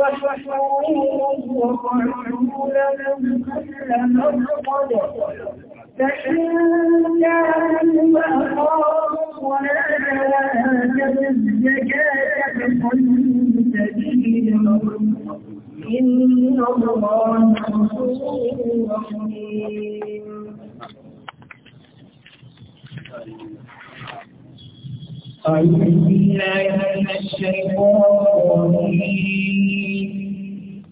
وحورهم وقعدوا كل مرقد فإن كانوا أقاموا الصلاة وآتوا الزكاة فخلوا سبيلهم إن الله غفور رحيم أعوذ بالله من الشيطان الرجيم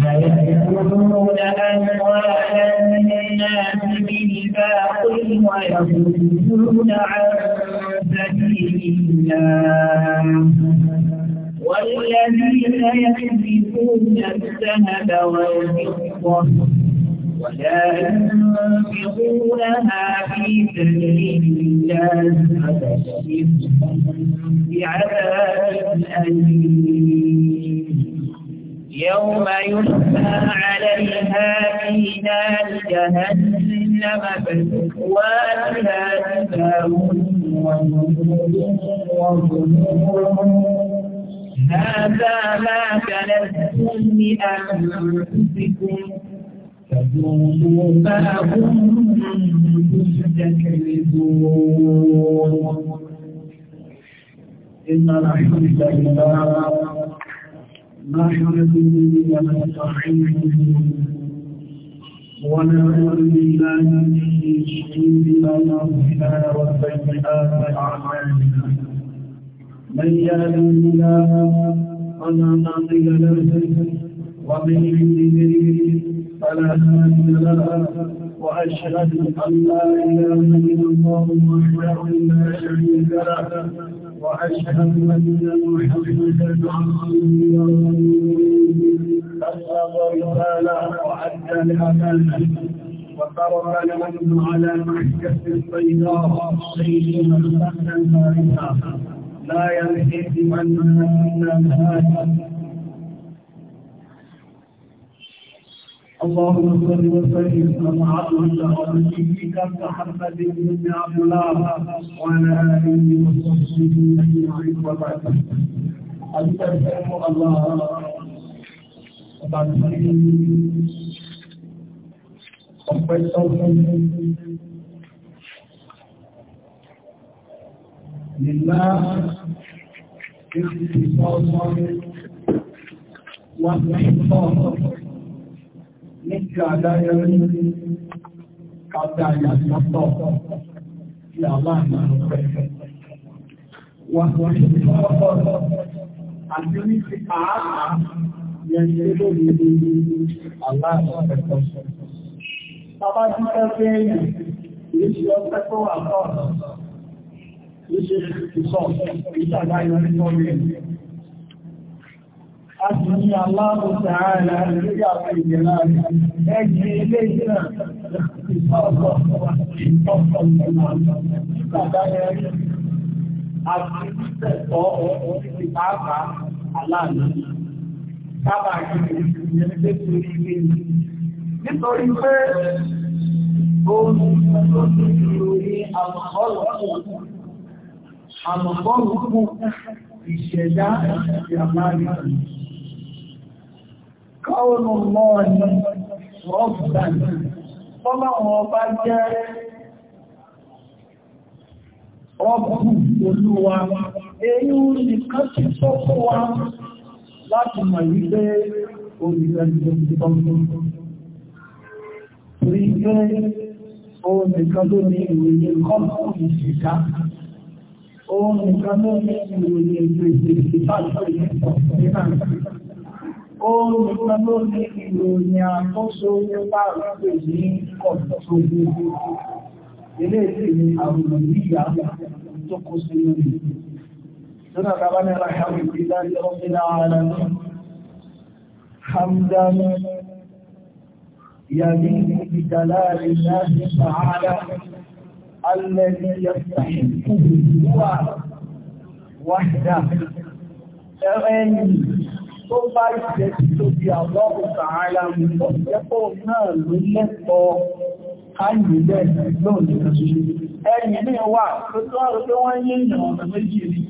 فيكونون أموالا الناس بالباطل ويصدون عن سبيل الله والذين يكذبون الذهب والفضة ولا ينفقونها في سبيل الله فبشرهم بعذاب أليم يوم يسمى عليها في نار جهنم فتكوى بها سماهم هذا ما كنتم لأنفسكم فذوقوا ما كنتم تكذبون إن الحمد لله نحمده ونستعينه ونعوذ بالله من شرور انفسنا وسيئات اعمالنا من يهده الله فلا مضل له ومن يهدي فلا هادي له واشهد ان لا اله الا الله وحده لا شريك له وأشهد أن محمدا عبده بلغ الرسالة وأدى الأمانة وترك الأمن على محجة بيضاء سيد مخلصا بارزا لا يلهث من منها اللهم صل وسلم على عبدك ونبيك محمد بن عبد الله وعلى اله وصحبه اجمعين وبعد استغفر الله وبعد ọpẹ́ tọ́fún nílá ìfìsọ́sọ́ wà nígbà adáyọ ní káta ìyàtọ̀ tí a máa ń lọ pẹ̀lú. Wà wọ́n ti kọ́kọ́ àti ní ti àárá yẹn ṣe lórí aláàbọ̀ ẹ̀kọ́. Bàbá ti fẹ́ fẹ́ èèyàn kìí ṣe ọpẹ́ tó wà tọ̀ kìí ṣe ìsọ̀ ìṣàdáyọ ní Àtìní aláàbò tààrà lórí àwọn ìrìnlá rẹ̀. Ẹgbẹ̀ ilé ìrìnà ìpọ̀pọ̀ ìpọ̀pọ̀ ìpàdáyẹrí àti ìpẹ̀tọ́ orí pàápàá aláàlú. Sábà kìí ìrìnlẹ̀ nítorí ilé ìrìn. Nítorí pé ohun tó ti ìròyìn àlọ́ọ̀lọ́pọ̀ àlọ́ọ̀lọ́pọ̀ ìṣẹ̀dá ìyàmá rẹ̀ káwọnù mọ́ ní rọ́bùdánì fọ́lá wọn bá jẹ́ rọ́bù olúwa èyí nìkan ti sọ fún wa láti mọ̀ wípé Òun nìkan ló ní ìròyìn kọ́pù ìṣìká, òun nìkan ló ní ìròyìn ìgbèsè ìbáṣọ́ ìpọ̀ nígbàtí òun nìkan ló ní ìròyìn àkóso nípa ìpè ní kọ̀tọ̀ gbogbo ilé ìsinmi àwọn ìyá tó kó sí lórí sọ́nà tàbá ní aláhàmì ìdá ní ọ́fíìnà ara tó bá ìjẹ́ tí tó di àlọ́pù tààrà mọ̀ jẹ́pọ̀ náà ló lẹ́tọ̀ọ́ káyìnlẹ̀ lóòrùn ìrìnàṣíṣe ẹ̀yìn ní wà tó tó rọ̀ pé wọ́n yí ìyàn ọ̀nà méjì rí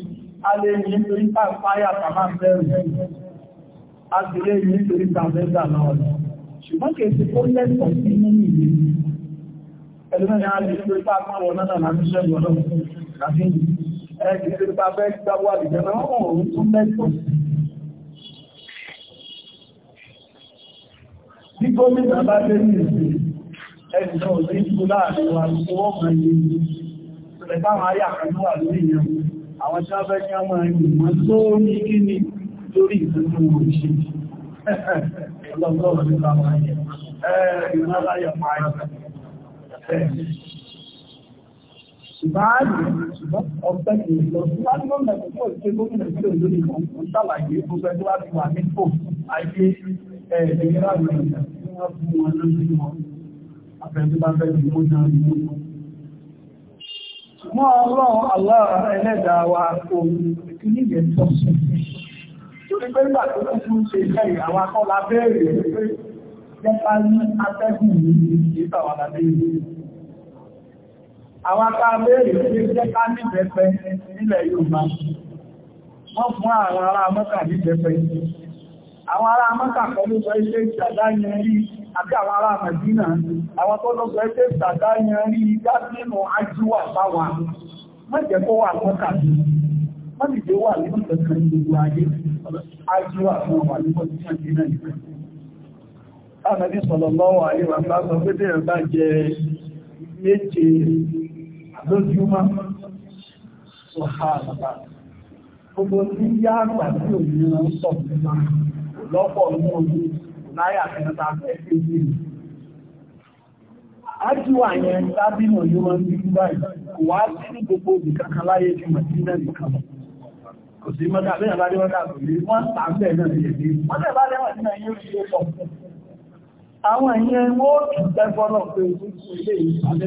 alẹ́ yìí nítorí pàpáyà tàbá bẹ̀rẹ̀ agbèrè yìí nítorí tàbẹ́gbà náà lọ ṣùgbọ́n kìí ṣe kó lẹ́tọ̀ọ́ sí nínú ìlú bí gómìnà bá dé ní ìsìn ẹnìkan ò sí ìkú láàrin wa tí wọ́n mọ̀ ní ìpínlẹ̀ táwọn ayé àkàndó wà lórí ìyẹn àwọn tí wọ́n fẹ́ kí wọ́n rìn wọ́n tó ní kí ni lórí ìsinmi ṣùgbọ́n ṣùgbọ́n ọ̀pẹ́ ìlọ ṣùgbọ́n gómìnà tí ó ṣe gómìnà tí ó lórí ọ̀pọ̀ ṣàlàyé gbogbo ẹgbẹ́ láti wà ní pò ayé ẹ̀ẹ́dẹ̀gbẹ́ra rẹ̀ tí wọ́n fún wọn lórí wọn afẹ́ntúbáfẹ́ ìmú náà ìmú ṣùgbọ́n ọlọ́run aláà ẹlẹ́dàá wa ohun ìpínlẹ̀ tọ́ sí torí pé nígbà tó kún ṣe iṣẹ́ àwọn akọ́lá bẹ́ẹ̀rẹ̀ pé jẹ́pá ní atẹ́gùn ní ìgbésà wà lábẹ́ ìlú àwọn akáàbẹ̀rẹ̀ tí jẹ́ ká ní pẹpẹ nílẹ̀ Yorùbá wọ́n fún àwọn ará Amẹ́kà ní ara àwọn ará Amẹ́kà pẹ̀lú sọ iṣẹ́ ìṣàdáyẹrí àti àwọn ará Mẹ̀dínà àwọn tó lọ sọ iṣẹ́ ìṣàdáyẹrí dátínú ajíwà báwa mẹ́jẹ̀ kó wà Amẹ́kà bí wà gbogbo ayé fún wà ní sọ̀lọ̀lọ́wọ̀ bá sọ pé bẹ́ẹ̀ bá jẹ méje lójúmọ́ ṣùgbọ́n gbogbo tí yá àgbà tí ò ní wọ́n sọ lọ́pọ̀ ní ojú láyà kẹta ẹgbẹ́ ìlú ájúwà yẹn lábínà yóò máa ń báyìí kò wá sí ní gbogbo ìkankan láyé ju kò sí mọ́ta wọ́n ń náà wọ́n tẹ̀ bá tí náà yóò ṣe pọ̀ àwọn wọ́n tún pé ilé ìpàdé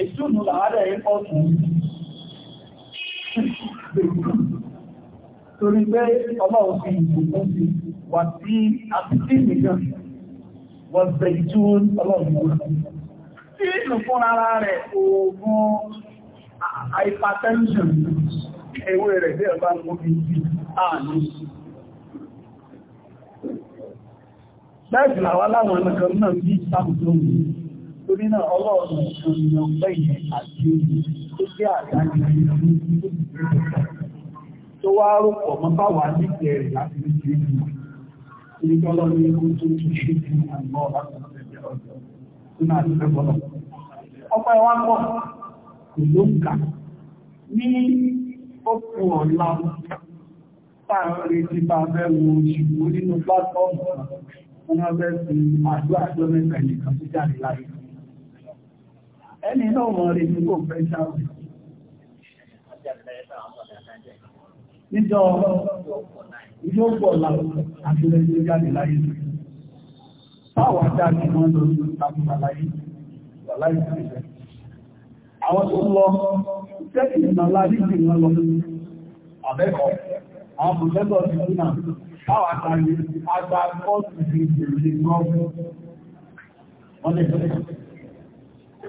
Èṣùnù làádẹ̀ ẹ̀kọ́ fún torí pé ọlọ́run fi ìbùkún sí wà sí àtìsí nìkan wọ́n bẹ̀ jú ọlọ́run tí ìlú fún ara rẹ̀ oògùn hypertension ewé rẹ̀ bí ẹ̀bá ló fi sí ààrùn bẹ́ẹ̀ jùlọ àwọn aláwọn ẹnìkan náà bí sáàmù tó torí náà ọlọ́run nìkan ni ọpẹ́ àti tó jẹ́ àdáni tó wá rúpọ̀ mọ́ bá wà ní ìbẹ̀rẹ̀ láti ṣe ní ọkùn ọ̀la táàrin retí bá fẹ́ wo ṣùgbọ́n nínú platform kan wọ́n fẹ́ fi àdúrà tó mẹ́ta nìkan tó jáde láyé ẹni náà mọ̀ rí ní kò fẹ́ ṣáàrù níjọ ìjọ pọ̀ láti lẹ́jọ́ jáde láyé táwà jáde wọ́n lọ sí ìtàkùnlá láyé wà láyé ìpínlẹ̀ àwọn tó lọ tẹ́kì ìrìnà láyé ìrìnà lọ àbẹ́kọ̀ọ́ àwọn pòfẹ́sọ̀ ti kú náà táwà jáde agbá kọ́ọ̀tù ìrìnà lọ́wọ́ wọ́n lẹ́jọ́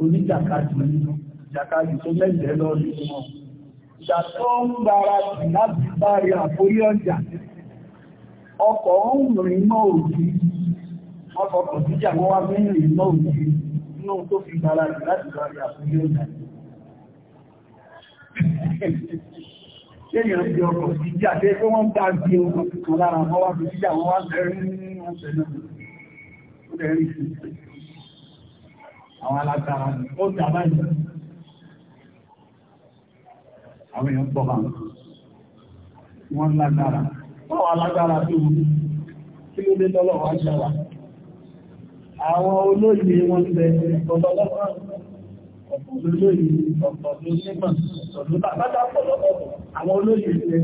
oníjàkadì jàkadì tó mẹ́jẹ̀ lọ rí wọn ìjàtọ́ ń gbára jù láti bárí àforí ọjà ọkọ̀ ń rìn mọ́ òjì ọkọ̀ kò síjà wọ́n wá bí rìn mọ́ òjì inú tó fi gbára jù láti bárí àforí ọjà Kéèyàn bí ọkọ̀ síjà dé pé wọ́n bá gbé ọkọ̀ kan lára wọ́n wá bí síjà wọ́n wá bẹ̀rẹ̀ nínú ọ̀sẹ̀ náà. Ó dẹ̀ àwọn alágbára ó dà báyìí àwọn èèyàn pọ̀ bá wọn lágbára báwọn alágbára tó wù kí ló dé tọ́lọ̀ wá ṣẹ́wà àwọn olóyè wọn bẹ ọ̀pọ̀lọpọ̀ olóyè ọ̀pọ̀lọpọ̀ nígbà ọ̀pọ̀lọpọ̀ bá dá ọ̀pọ̀lọpọ̀ àwọn olóyè ẹ̀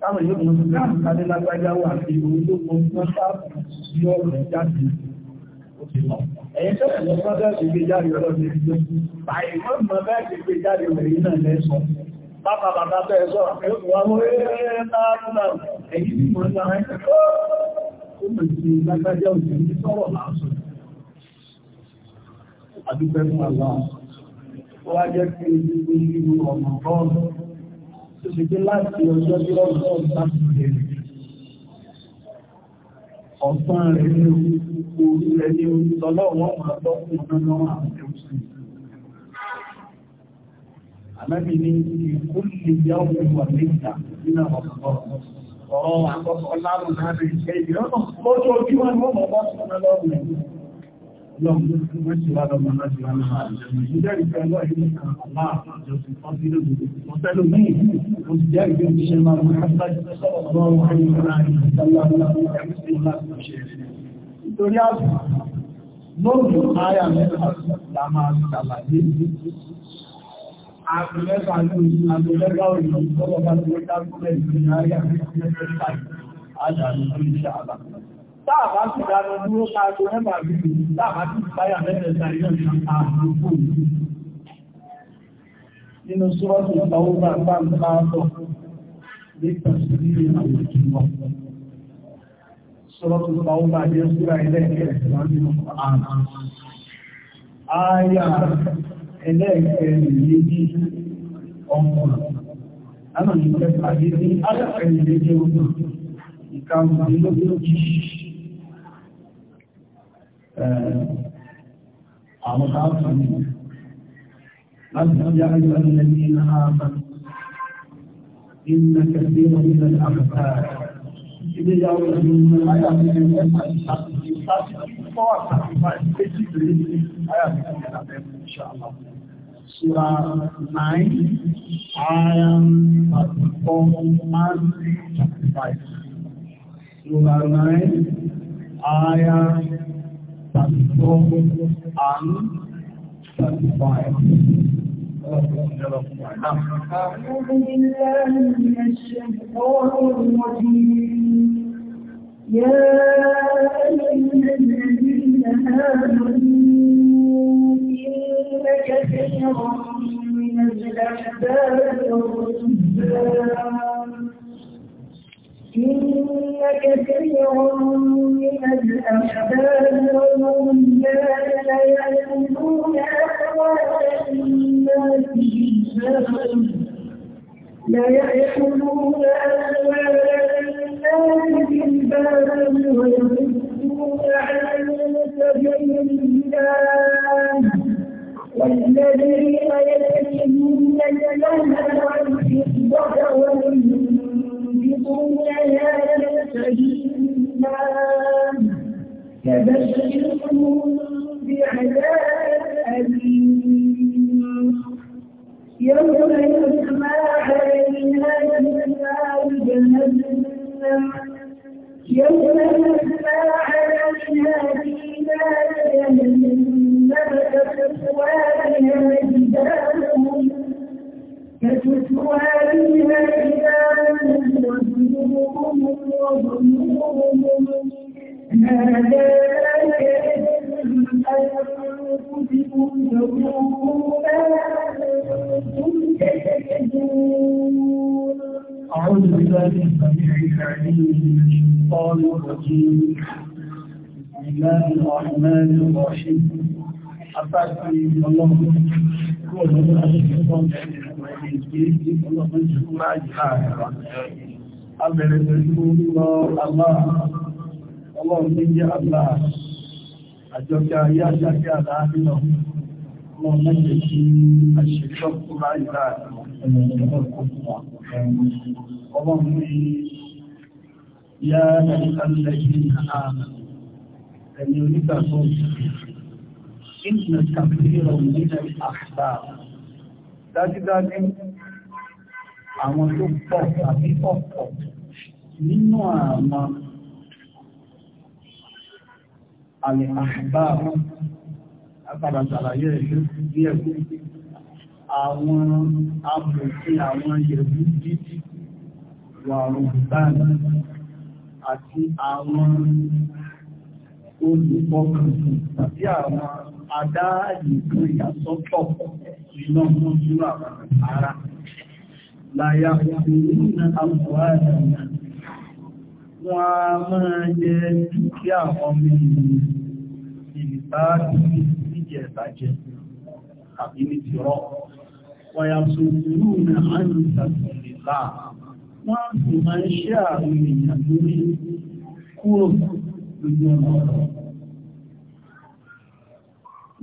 Táwọn yóò mú sí láàrín lágbàjáwà àti orílẹ̀-èdè wọn sáàpù sí ọ̀rọ̀ jáde Ẹ̀yìn tẹ́lẹ̀ lọ bá bẹ́ẹ̀ ti gbé jáde ọlọ́dún ìgbé. Àìmọ́ mọ́ bẹ́ẹ̀ ti gbé jáde òmìnirí náà lẹ́sọ. Bàbá bàbá bẹ́ẹ̀ sọ, ẹ̀yìn tí wọ́n mọ́ ẹ̀rẹ́ náà náà. Ẹ̀yìn tí mọ́ náà ń kọ́. Ó mọ̀ sí lágbájá òjò sọ́rọ̀ láàṣọ. Àdúgbẹ́ fún àlá. Ó wá jẹ́ kí ojú gbé nínú ọ̀nà ọ̀rọ̀. Ó sì gbé láti ọjọ́ bí ọ̀rọ̀ ọ̀sán rẹ̀ ní orí rẹ̀ ní orí tọ́lọ́wọ́n máa tọ́kùn àwọn ẹ̀wùsìn. Ànábì ní ìkú lè yá òun wà níta nínú ọ̀pọ̀ ọ̀rọ̀ àkọ́kọ́ láàrùn láàrin ìṣẹ́ ìrọ́nà lọ́jọ́ ojú Nítorí àbù, lóòrùn ayà mẹ́ta la máa ṣàlàyé àbù mẹ́ta ní àbù mẹ́ta òyìnbó tọ́lọ́bá tí ó dákúrẹ̀ ìrìn ayà mẹ́ta àjà ní oríṣẹ́ àbà. Táàbá ti dára ní ó káàkó mẹ́bà rí táàbá ti báyà mẹ́rẹ̀ sàrí náà ní àgbòkó. Nínú sọ́ọ̀tù ìpàwó bá bá ń bá ọ̀tọ̀ lé pẹ̀sì nílé àwọn ìjùmọ̀. Sọ́ọ̀tù ìpàwó bá jẹ́ síra ilẹ̀ ẹ̀kẹ́rẹ̀ nínú àná. Áyà ẹlẹ́ẹ̀kẹ́rẹ̀ yé ní ọmọ. Àwọn ìjọba ní alẹ́kẹ́rẹ̀ ní ọmọ. Ìkàwé àwọn káàkiri ní láti ọjọ́ àjọ ilẹ̀ ní ààbà inú kẹsí orílẹ̀ ilé yàwó ìlú ayàmì ẹgbẹ̀ta ìṣàkóso láti fọ́ 34 and 35. أعوذ بالله من الشيطان الرجيم يا أيها الذين آمنوا إن كثيرا من الأحباب والرهبان إن كثير من الأحباب والرهبان ليأكلون أموال الناس بالباطل ليأكلون أموال الناس بالباطل ويصدون عن سبيل الله والذين يكتمون الذهب والفضة والمال ليالة الإيمان فبشرهم بعذاب أليم يوم يسمى عليها النار جهنم يوم يسمى عليها النار جهنم فتسوى بها جبالهم أعوذ بالله السميع العليم من الشيطان الرجيم بسم الله الرحمن الرحيم أتاكم الله Abẹ̀rẹ̀ pẹ̀lú lọ Allah, ọlọ́run ní jẹ́ Allah, àjọkẹ́ ayé àjọkẹ́ àdáàbìnà, ọmọ mẹ́jẹ̀ sí àṣẹ́ṣọ́kù láìlá ọlọ́run ní yá ẹni alẹ́gbẹ̀ẹ́ àmì ẹni onígbàtọ́ inna kàfíìrọ̀ nílẹ̀ àṣà dájúdájú àwọn tó pọ̀ tàbí ọ̀pọ̀ nínú àwọn alẹ́ àṣà àpàdà sàlàyé ìlú bí ẹ̀kú àwọn abòfin àwọn yẹ̀bú títí wà rùn àti àwọn olùfọkànsì tàbí àwọn adáàyètò ìyàsọ́tọ̀ iná mọ́jú àwọn ará láyá ìrìnà àmúwádà wọn a máa jẹ dúkìá àwọn mẹ́rin ìbáàdì níjẹ̀ ìbàjẹ́ tàbí ní ti rọ́ wọ́n yà tó ìlú ní àánú ìtàkùnlé láà wọ́n sì máa ń lójú ọ̀nà ọ̀rọ̀.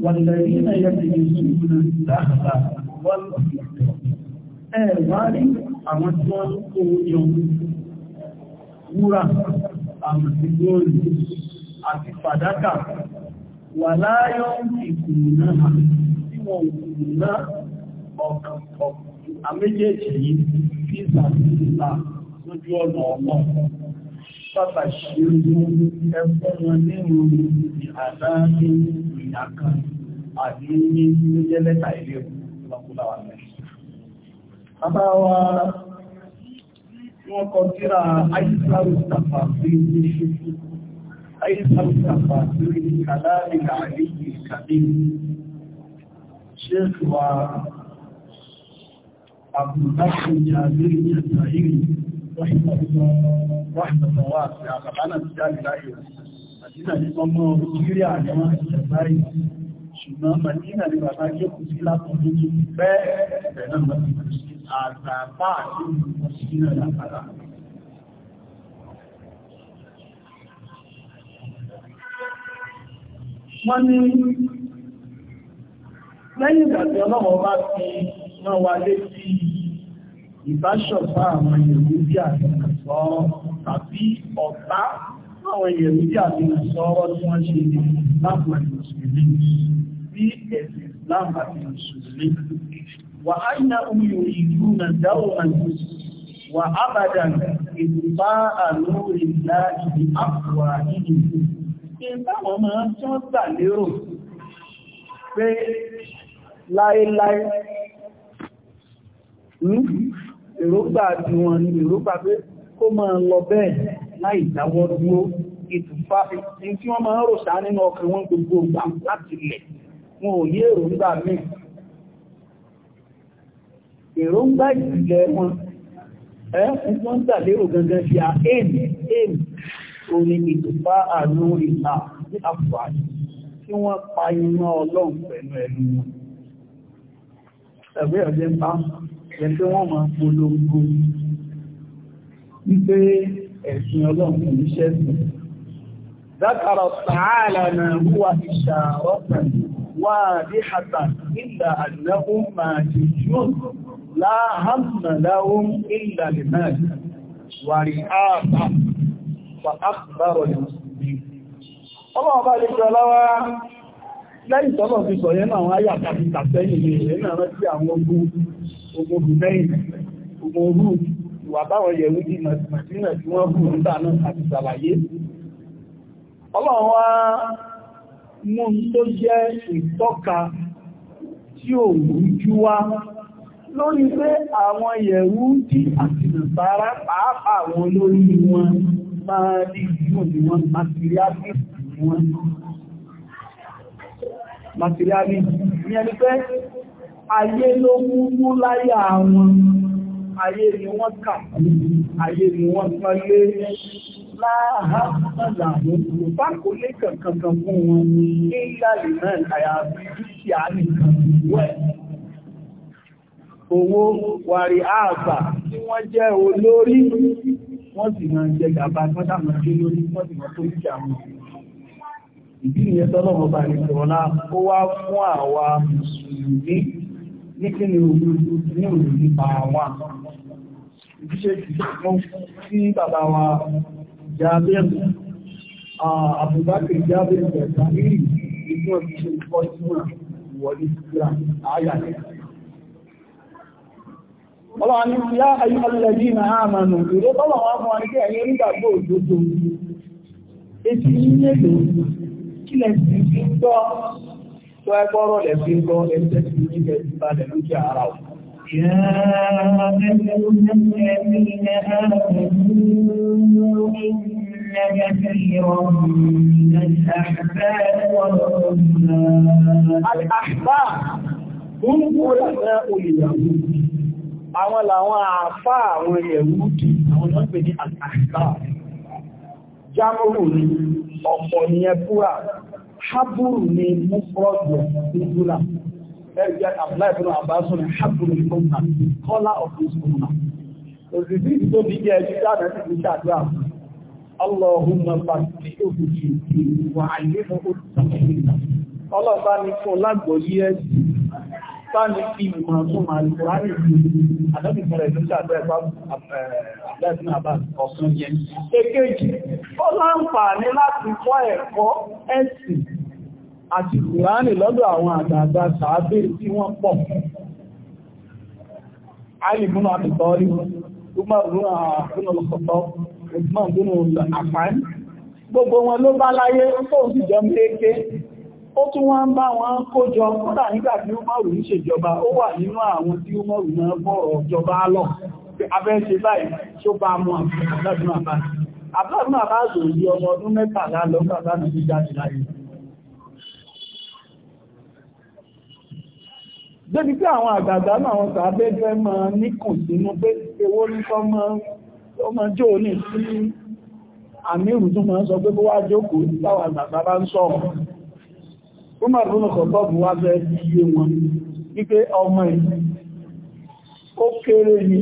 Wàlẹ̀rí náà yẹ ti yẹn sùn ní ìdáhàbà wọ́n lọ sí ọ̀dọ̀. Ẹ wá rí àwọn tí wọ́n ń kó yọ wúrà, àmàtí góòlù, àti fàdákà wà láyọ́ ìkùnà tí wọ́n kùnà ọ̀kan ọ̀kan àméjèèjì yìí fi ìsàkùnà lójú ọ̀nà ọ̀pọ̀ sábà ṣe ẹkún wọn nínú àdáyé ìyá kan àbí ní ilé lẹ́ta ilé ìlọ́kúláwà mẹ́rin. Bàbá wa wọ́n kọ síra Aisharu Tafa sí ilé ṣíkú. Aisharu Tafa sí kàláàrí kàrí ìkàdé. Ṣéèkì wa Abdullahi Jabir Jabir رحمة واسعة فأنا بجال العيون مدينة لصمه وكيريا عجماء الجزائي ṣùgbọ́n mẹ́dínà ní bàbá yóò kù sí látọ̀ lójú bẹ́ẹ̀ bẹ̀rẹ̀ mẹ́dínà àgbàbá àti mẹ́dínà lápàdà. wọ́n ní lẹ́yìn ìgbàtí ọlọ́wọ́ bá ti wọ́n wà lé sí i ìbáṣọ̀tá àwọn yẹ̀múdí àti ìsọ́rọ̀ tàbí ọ̀tá àwọn yẹ̀múdí àti ìsọ́rọ̀ tí wọ́n ṣe ní láàmù ìmùsùlùmí bí ẹ̀sìn Islam àti ìmùsùlùmí wà á iná omi ìlú na dáwọ̀ wà ábàdàn ìgbà èrògbà tí wọ́n ní èrògbà pé kó máa lọ bẹ́ẹ̀ láì dáwọ́ dúró ìtùfà tí wọ́n máa ń rò sáà nínú ọkàn wọn gbogbo ìgbà láti lẹ̀ wọn ò yé èrògbà míì èrògbà ìjìnlẹ̀ wọn ẹ́ wọ́n tàlérò gangan fi à èmì èmì orin ìtùfà àánú ìlà ní àfààní tí wọ́n pa iná ọlọ́run pẹ̀lú ẹnu wọn ẹ̀gbẹ́ ọ̀jẹ́ ń bá Ẹgbẹ́ wọn máa polongo wípé ẹ̀sìn ọlọ́run ní ṣẹ́sìn. Dákàrọ̀ tààlà na wúwa ìṣàrọ́pẹ̀ wà ní àtà nílà àdínáwó máa ti jùn láhàmàláwó ìlà lèmáàdì wà rí àpá wà ápùbárọ̀ lè Ọlọ́run bá lè jọ ogun Brunei ogun Rúd ìwà báwọn yẹ̀wú di màtínà tí wọ́n kù nígbà náà àti ṣàlàyé ọlọ́run wá mú tó jẹ́ ìtọ́ka tí ò rújú wá lórí pé àwọn yẹ̀wú di àti nàbára pàápàá àwọn olórí wọn máa rí ìjú ni ayé ló kúkú láyà wọn ayé ni wọ́n kà ayé ni wọ́n pẹ́ lé láàárínlá àwọn bákò lé kankan kan fún wọn ní ìlàlẹ̀ náà àyàfi dúkìá nìkan wẹ̀ owó wàrí ààbà tí wọ́n jẹ́ olórí wọ́n sì máa jẹ gàbà wọ́n máa jẹ lórí wọ́n sì máa tó jẹ àwọn ìdí ìyẹn tọ́lọ́mọba nìkan ọ̀la ó wá fún àwa mùsùlùmí ní kí ni ní òun nípa wọn ìdíṣe ìṣẹ́gun sí bàbá wa jábẹ́rù àbúgbàkì jábẹ́rù ẹ̀ta nírì inú ìṣẹ́ ìfọ́síwọ̀n wọlé síra àyà Ọlọ́wà ní ya ayé ọlọ́lẹ́bí na àmànà tó ẹgbọ́rọ̀ lẹ̀ fi ń gọ́ ẹgbẹ́ ti ní ilẹ̀ ti bá lẹ̀ lókè ara ọ̀. يا أيها الذين آمنوا إن كثيرا من الأحبار والرهبان الأحبار هم علماء اليهود àwọn làwọn àfá àwọn yẹ̀wúdì àwọn náà pè ní àkàkà jámọ́rù ní ọ̀pọ̀ ní ẹ̀kúrà haburu ni mufrọ́dù ìgbúra ẹgbẹ́ àbúláìfún àbáṣọ́ ni haburu ìgbúra color of this woman òsìsí tó bí jẹ́ ẹjú dáadáa sí ti ṣàdúrà Allahumma fàtí òkùnkì wà àìlẹ́fún òtùtàkìlá ọlọ́pàá ní fún lágbòyí ẹ̀sì sáàni fi ìmọ̀ tó máa lè kúrò ní àdọ́bìnrin ìlú ṣàdúrà ẹ̀fà àbẹ́sìn àbá ọ̀sán yẹn. Èkejì, ó láǹfààní láti kọ́ ẹ̀kọ́ ẹ̀sìn àti kùránì lọ́dọ̀ àwọn àgbààgbà sàábé tí wọ́n pọ̀. Ali ibn Abi Talib, Umar ibn al-Khattab, Uthman ibn Affan, gbogbo wọn ló bá láyé tó sì jọ méèké, ó tún wọ́n bá wọn kójọ kódà nígbà tí Umaru ń ṣèjọba, ó wà nínú àwọn tí Umaru náà bọ̀rọ̀ jọba lọ, abẹ́ ṣe báyìí tí ó bá mú àbúrò àbá. Àbúrò àbá zòrí ọmọ ọdún mẹ́tàlá lọ́gbàdá nàìjíríà débi pé àwọn àgbàgbà náà wọn tàbí fẹ́ máa níkùn sínú pé ewó ní ọmọ jó ní sí àmírù tó máa ń sọ pé bó wá jókòó táwọn àgbàgbà bá ń sọ̀rọ̀ ó máa rúnà kọ̀kọ́ bù wá fẹ́ iye wọn wípé ọmọ ẹ̀ ó kéré ni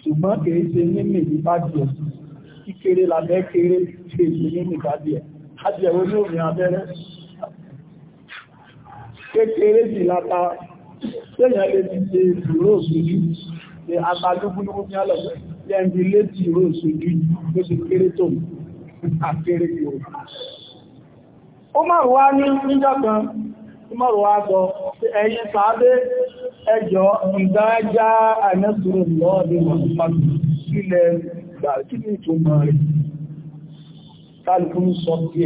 ṣùgbọ́n kéré ṣe ní mèjì bá díẹ̀ kíkéré lábẹ́ kéré ṣe ṣe ní mèjì bá díẹ̀ adìẹ̀ ó ní òmìnira abẹ́rẹ́ kékeré sí láta Téèyàn lè ti ṣe ìró òṣojú, ṣe agbádúgbúlúgbú ní ọlọ́pẹ́, lẹ́ndì lé ti ìró òṣojú ló ti kéré tó àkéré yóò. Ó mọ̀rù wá ní níjọ́ kan, ó mọ̀rù wá sọ, ẹ̀yin sàábé ẹjọ́ ìdájá àìmẹ́sùrù lọ́ọ̀dún mọ̀sípàtì sílẹ̀ gbà kí ní ìtumọ̀ rẹ̀ kálùkún sọ pé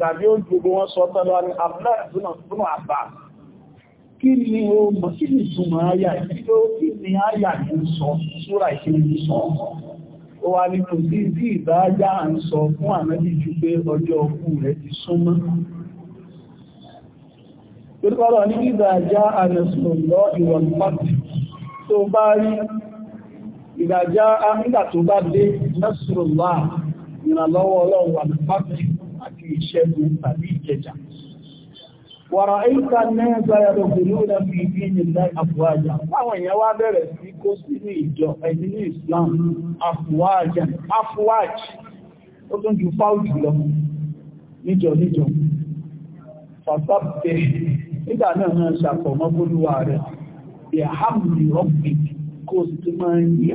tàbí ó gbogbo wọn sọ tọ́lọ ní àbúrà ìbúnà àbá kí ni o mọ̀ kí ni ìtumọ̀ ayà ìlú kí ni ayà ní sọ súra ìṣẹ́lẹ̀ sọ o wà ní kò sí sí ìdájá à ń sọ fún ànábì jù pé ọjọ́ ọkù rẹ̀ ti súnmọ́ pẹ̀lúkọ́lọ̀ ní ìdájá ànàsùnlọ́ ìwọ̀n pàtì tó bá rí ìdájá nígbà tó ورأيت الناس يدخلون في دين a أفواجا àwọn èèyàn wá bẹ̀rẹ̀ sí kó sínú ìjọ ẹni ní Islam afuwaja afuwaj ó tún ju fáwùjù lọ níjọ níjọ fàtàbẹ̀ nígbà náà náà ṣàfọ̀mọ́ bólúwà rẹ̀ bí àhámùlì rọ́pì kó sì tún máa ń yí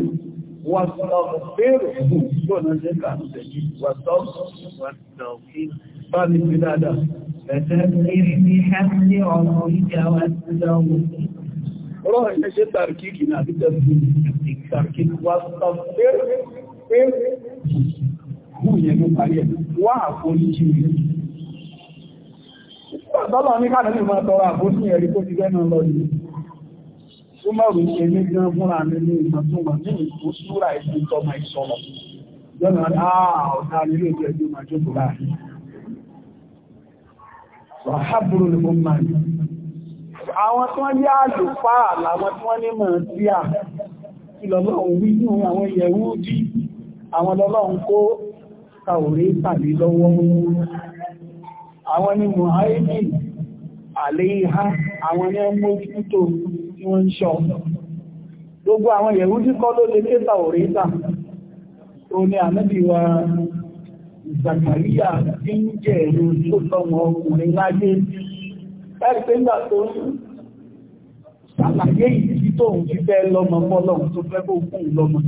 wàtàbẹ̀rẹ̀ fún ìjọ náà jẹ́ kàánù tẹ̀yí wàtàbẹ̀rẹ̀ فسبح بحمد ربك واستغفره Ọlọ́run ẹ̀ṣẹ́ ṣe tàrkìkì náà bí tàrkìkì wá sọ́fẹ́rẹ́ pé mú ìyẹn ló parí ẹ̀ wá àforíjì rẹ̀. Ìpàtọ́lọ̀ ní káàkiri máa tọrọ àforíjì ẹ̀rí kó ti gẹ́nà lọ yìí. Súnmọ̀rù ṣe ní gan fúnra mi ní ìmọ̀túnmọ̀ ní ìkó súra ìfún tọmọ ìṣọ́lọ̀. Jọ́nà ah, wàhábùrù ní gbogbo àyè àwọn tí wọ́n jẹ́ àlùfáà làwọn tí wọ́n ní mọ̀ sí à ìlọ́lọ́run wí ní àwọn Yẹhudi àwọn lọ́lọ́run kó kàwòrí tàbí lọ́wọ́ àwọn ni mọ̀háìmì àléhá àwọn ní ọmọ ojútó tí wọ́n ń ṣọ́ gbogbo àwọn Yẹhudi kọ́ ló lè ké kàwòrí tà tó ní ànábì wa Zakaria ti ń jẹ́ ẹ̀rọ tó tọmọ ọkùnrin láyé. Ẹgbẹ́ ńgbà tó ń ṣàlàyé ìdí tó ń fi fẹ́ lọ́mọ fọ́lọ́ tó fẹ́ kó fún lọ́mọ.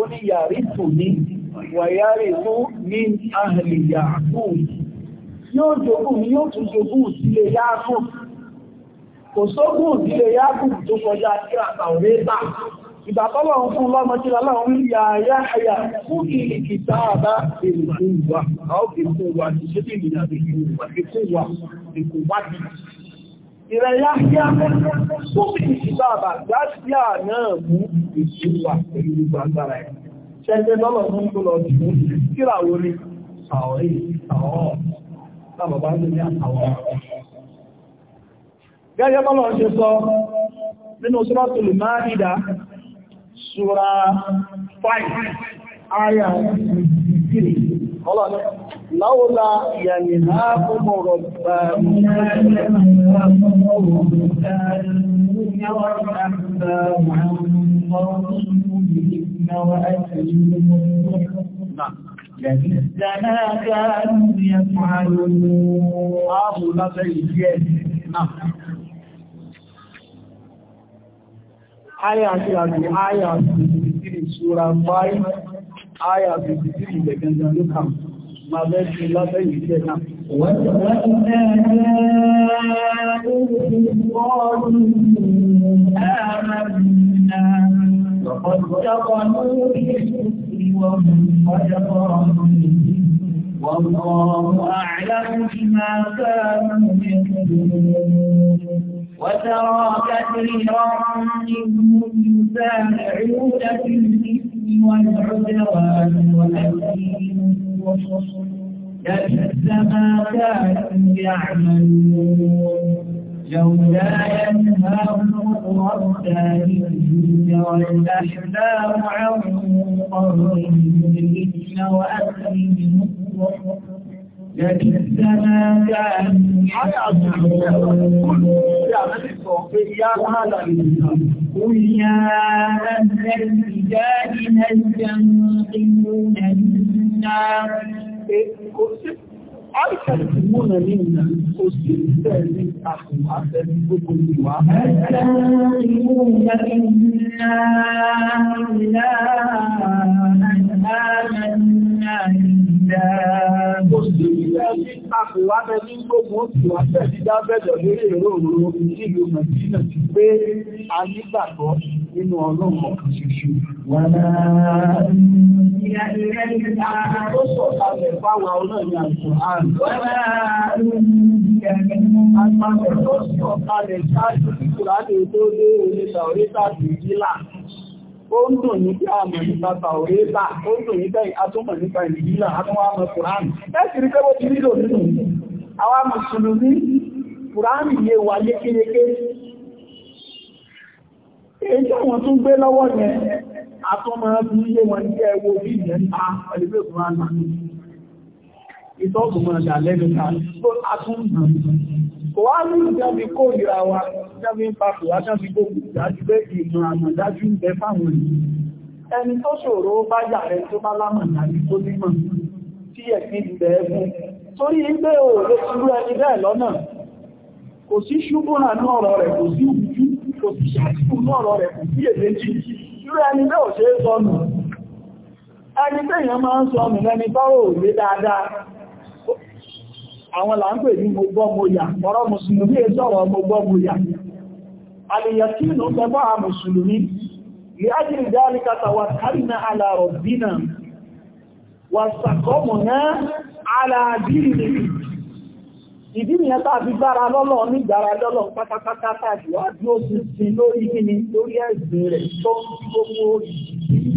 Ó ní yàrí tò ní wàyárì fún ní àhìlì yàákùn. Yóò jogún ni yóò tún jogún ìdílé yàákùn. Kò sógún ìgbàtọ́lọ̀ ń fún lọ́mọ tí aláwọn ìyá ayá àyà fún ìkìta àbá èrùkúwà àókèkúwà ti ṣe bí ìrìnàbí ìrùkúwà ìkùwádìí ìrẹ̀ yá yá fún ìkìta àbá gbáṣíà náà mú ìṣúwà pẹ̀lú gbàgbàrà ẹ̀ ṣẹ́gbẹ́ lọ́lọ̀ ni àọ̀rí àọ̀ lábàbá ń ní àwọ̀ gẹ́gẹ́ bọ́lọ̀ ṣe sọ nínú sọ́rọ̀tùlù máa ìdá Súra 5, Aya 3. Ọlọ́ni, láwọ́lá ìyàmì náà fún mọ̀rọ̀ bá Ìjànà káàrùn-ún yẹ fún àrùn-ún. Ààbò lábẹ́ ìdí ẹ̀ náà. Aya àti àti aya ìsìtìrì ṣúra 5, aya ìsìtìrì ìgbẹ̀gẹ̀gẹ̀ ló kà ma bẹ́ẹ̀ lábẹ́ ìṣẹ́ náà. Wọ́n ti rẹ̀ ẹ̀ẹ́ والله أعلم بما كانوا يكذبون وترى كثيرا منهم يسارعون في الإثم والعدوان وأكلهم الرشد لبئس ما كانوا يعملون لولا ينهاهم الربانيون والأحباب عن قرهم الإثم وأكلهم الرشد Yẹ̀kí sẹ́nà gáà ní àyàtò ìrẹ̀lẹ̀ kúrò sí àmẹ́sìsọ̀ pé yá hálà ìrìnà. Òyìnà ẹgbẹ̀rẹ̀ ìjẹ́ ìrìnà ìjẹun ìrìnà. Àìsànmúnà ní ìlà oṣù bẹ́ẹ̀ ní àkùnwà àtẹni gbogbo ìwà. Àìsànmúnà ní ìlà ìlà Oṣù bẹ́ẹ̀ ní àkùnwà àtẹni gbogbo ìwà ti dá bẹ́jọ̀ lórí èrò nínú ọlọ́run ọ̀kan ṣoṣo. Wọ́n láàá ní Wọ́n Agbábẹ̀ tó sọ kalẹ̀ ṣáájú títùrá lè tó lé oríta oríta sí ìjìlá. Ó ń dùn ní bí àmọ̀ nípa tàoríta, nípa àtúmọ̀ nípa ìjìlá, àtúnwà Kùránì. Ẹ́sì rí pẹ́wọ́ ti nílò nínú. Àwọn Mùsùlùmí, Kùránì yé wa yékéyéké. Èyí àwọn tún gbé lọ́wọ́ yẹn, àtúnmọ̀ ìtọ́kù mọ́ ọ̀dà lẹ́nu ká tó àtúndù kò wá ní ìjọbi kó ìra wa jẹ́bí ń papò wá jẹ́bí gbogbo ìdájú pé ìmọ̀ àmọ̀dájú ń bẹ fáwọn ẹni tó ṣòro bá yà rẹ tó bá lámọ̀ tàbí tó nímọ̀ tí ẹ̀sìn ìbẹ̀ ẹ̀fún torí pé ò lè ṣubú ẹni bẹ́ẹ̀ lọ́nà kò sí ṣubú náà ní ọ̀rọ̀ rẹ̀ kò sí ìwújú kò sí ṣàkíkù ní ọ̀rọ̀ rẹ̀ kò sí èméjì irú ẹni bẹ́ẹ̀ ò ṣe é sọnù ẹni tẹ́yàn máa ń sọnù lẹ́ni bá ò dáadáa àwọn làńgbè ní mo gbọ́ mo ọ̀rọ̀ mùsùlùmí sọ̀rọ̀ mo gbọ́ mo yà alìyàkínú pẹ̀bọ́ a mùsùlùmí lè ájìrì dáríkà tàwàkàrínà alàrọ̀bínà wàsàkọ́mùná alàdínì rẹ̀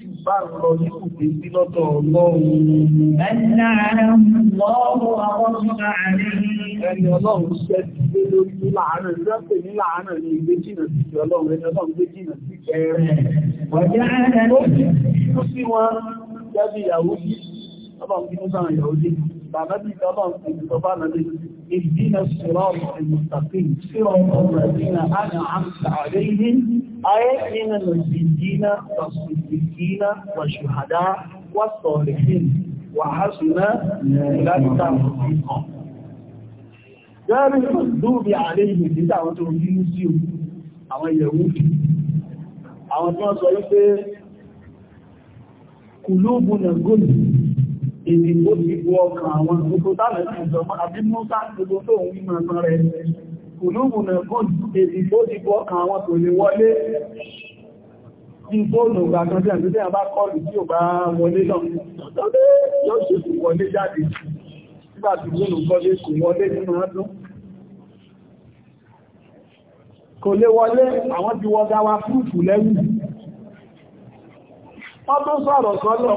jù bá lọ ní kùkù sí lọ́dọ̀ ọlọ́run. Ẹ̀nà ọlọ́run àwọn ẹni ọlọ́run ṣẹ́ ti gbé lórí ní láàárín rẹ́pẹ̀ ní láàárín ní ilé jìnà sí ọlọ́run ẹni ọlọ́run gbé jìnà sí ẹ̀rẹ́. Ọjọ́ ẹ̀rẹ́ bàbá bí ìjọba ń pè tó bá nàbí ìdínà sírọ́ọ̀lù ìmùsàfí sírọ́ọ̀lù ìdínà àná àmsà àríhìn ayé nínú ìdínà wàsùdìdínà wàṣùhàdá wàsọ̀rìhìn wàhásùnà ìlànà ìkan. Gẹ́rin lóòbí àríhìn ìdíta àwọn tó rí sí àwọn ìyẹ̀wò àwọn tí wọ́n sọ wípé kùlúùbù nà ìdìbò ti bu ọkàn àwọn gbogbo tààrẹ ti ìjọmọ́ àbí mọ́sá gbogbo tó ń wí mọ̀ rẹ̀ kùlùmù nà kún ìdìbò ti bu ọkàn àwọn kò lè wọlé bí bóòlù ọgbà kan tí àti tí a bá kọlù tí ò bá wọlé náà yóò ṣe kò wọlé jáde nígbà tí bóòlù kọlé kò wọlé nínú ọdún kò lè wọlé àwọn ti wọ́gá wa fúrùfù lẹ́rù wọ́n tó sọ̀rọ̀ sọ́lọ̀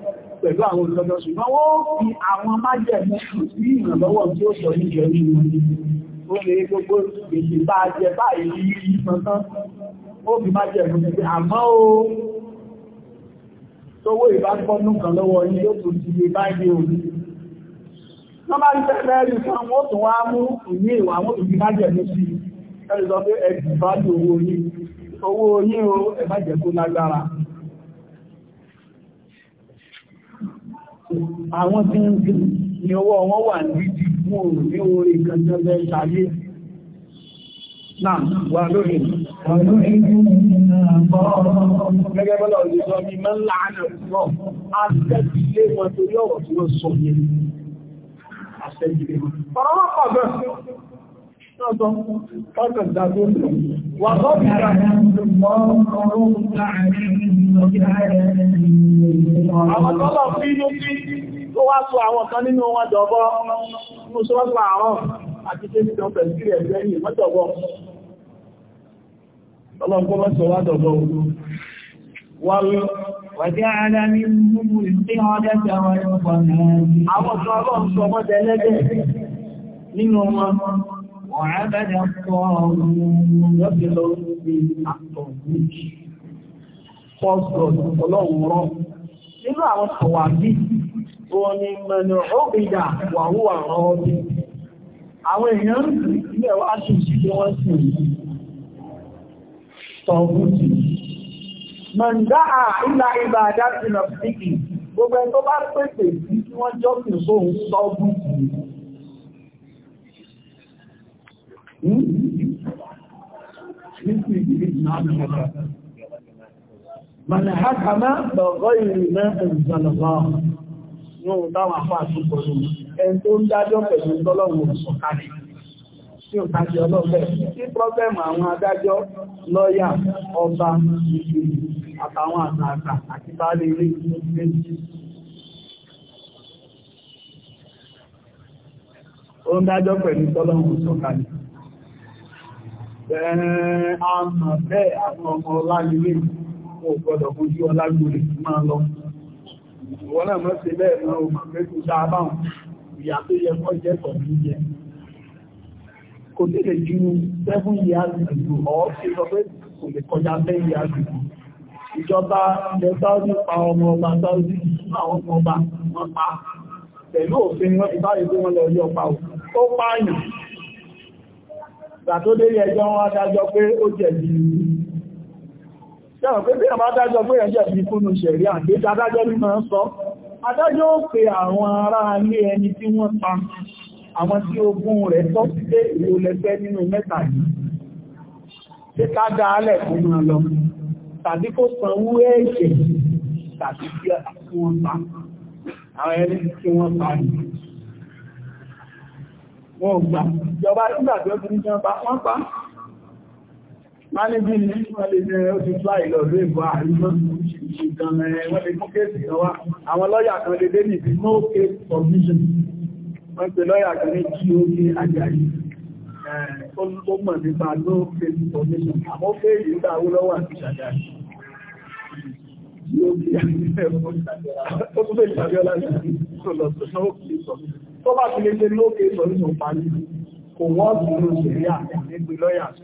pẹ̀lú àwọn olùlọ́jọ́ ṣùgbọ́n wọ́n fi àwọn májẹ̀mú sí ìrànlọ́wọ́ tí ó sọ ní ìjọrí wọn ó lè gbogbo èsì bá jẹ báyìí yìí tán ó fi májẹ̀mú sí àmọ́ o tówó ìbágbọ́nú kan lọ́wọ́ ní yóò tún ti lè báyìí o wọ́n bá ń tẹ́lẹ̀ rí fún àwọn òtún wá mú ìní ìwà àwọn òtún fi májẹ̀mú sí ẹ̀rì sọ pé ẹ̀dùn bá lò owó yìí owó yìí o ẹ̀májẹ̀kú àwọn tí ń gbé ní ọwọ́ wọn wà ní ti ní orí kẹtẹ́lẹ́ ṣayé náà wà lórí gẹ́gẹ́ bọ́lá òjòjọ́ mi mọ́ láàrín ọ̀pọ̀ àṣẹ́bílé wọn torí ọ̀rọ̀ tí wọ́n sọ yẹn àṣẹ́bílé wọn ọ̀rọ̀ wọ́n pọ̀ bẹ́ẹ̀ Àwọn tọ́lọ̀ fínú fínú ó wá sọ àwọn kan nínú wọn dọ̀bọ́ nínú sọ́lọ́sọ́ àárọ̀ àti tí ó pẹ̀lú kí ẹ̀rẹ́ yìí mọ́tọ̀bọ́ ọlọ́pọ̀ mọ́sọ̀ wá dọ̀bọ́ وجعل منهم القردة والقناديل àwọn ọlọ́run sọ nínú òun ni mẹ́nu ọ̀bìdà wàhúwà ọ̀bí àwọn èèyàn ilẹ̀ wá sí ìṣẹ́ wọ́n sì tọ̀gùtì mọ̀ndáà ìlà ìbà àdásílọ̀ pìkì gbogbo ẹ̀ tó bá pèsè sí kí wọ́n jọ́ sí fóun tọ̀gùtì من حكم بغير ما انزل الله yóò dáwọn àpá àtúkọ̀ ní ẹni tó ń dájọ́ pẹ̀lú tọ́lọ́run sọ̀kalẹ̀ tí ó tàbí ọlọ́pẹ́ tí pọ́blẹ́mù àwọn adájọ́ lọ́yà ọba àtàwọn àtàkà àti báálé ilé méjì ó ń dájọ́ pẹ̀lú tọ́lọ́run sọ̀kalẹ̀ Ẹ̀ẹ̀rẹ̀ àmọ̀ bẹ́ẹ̀ àwọn ọmọ ọlá nílé, ó gbọ́dọ̀ fojú ọlá gbòrè máa lọ. Ìwọ́n náà mọ́ sí bẹ́ẹ̀ náà ọmọ mẹ́kù sáàbáhùn, ìyà tó yẹ kọ́ jẹ́ kọ̀ ní jẹ. Kò tí lè ju 7 years ago, ọ́ sí sọ pé kò lè kọjá 10 years ago. Ìjọba ilẹ̀ Saudi pa ọmọ ọba Saudi, àwọn ọmọ ọba wọn pa. Pẹ̀lú òfin ìbáyé tó wọn lọ yọ pa ò. Ó pààyàn. Gbà tó dé Ṣẹ́wọ̀n pé bí ọmọ adájọ́ pé ẹ̀jẹ̀ bí kúnnù ṣẹ̀rí àgbéjì adájọ́ ní máa ń sọ. Adájọ́ ó pe àwọn ará ilé ẹni tí wọ́n pa, àwọn tí ogún rẹ̀ tọ́ sí pé ìwò lẹ́gbẹ́ nínú mẹ́ta yìí. Ṣé ká dá alẹ̀ fún wọn lọ? Tàbí kó sanwó ẹ̀jẹ̀ tàbí kí wọ́n pa. Àwọn ẹni tí wọ́n pa nìyí wọ́n gbà ìjọba nígbà tí ó ti ní jẹ́ ọba Máníbí ní wọ́n lè ní ó ti fly lọ ló ìbò àríwọ́ ìgbọ̀n wọ́n lè mú kéèsì lọ́wọ́. Àwọn lọ́yà kan lè dé nìbí no case provision. Wọ́n pe lọ́yà kan ní kí ó ní Àjàyí. Ó mọ̀ nípa no case provision. Àmọ́ fèèrè ń dáwó lọ́wọ́ àti Ṣàjàyí. Ó tún fèèrè tàbí ọlá Tó bá fi lè ṣe no case provision parí, kò wọ́n sì ló ṣe rí àmì nígbè lọ́yà sí.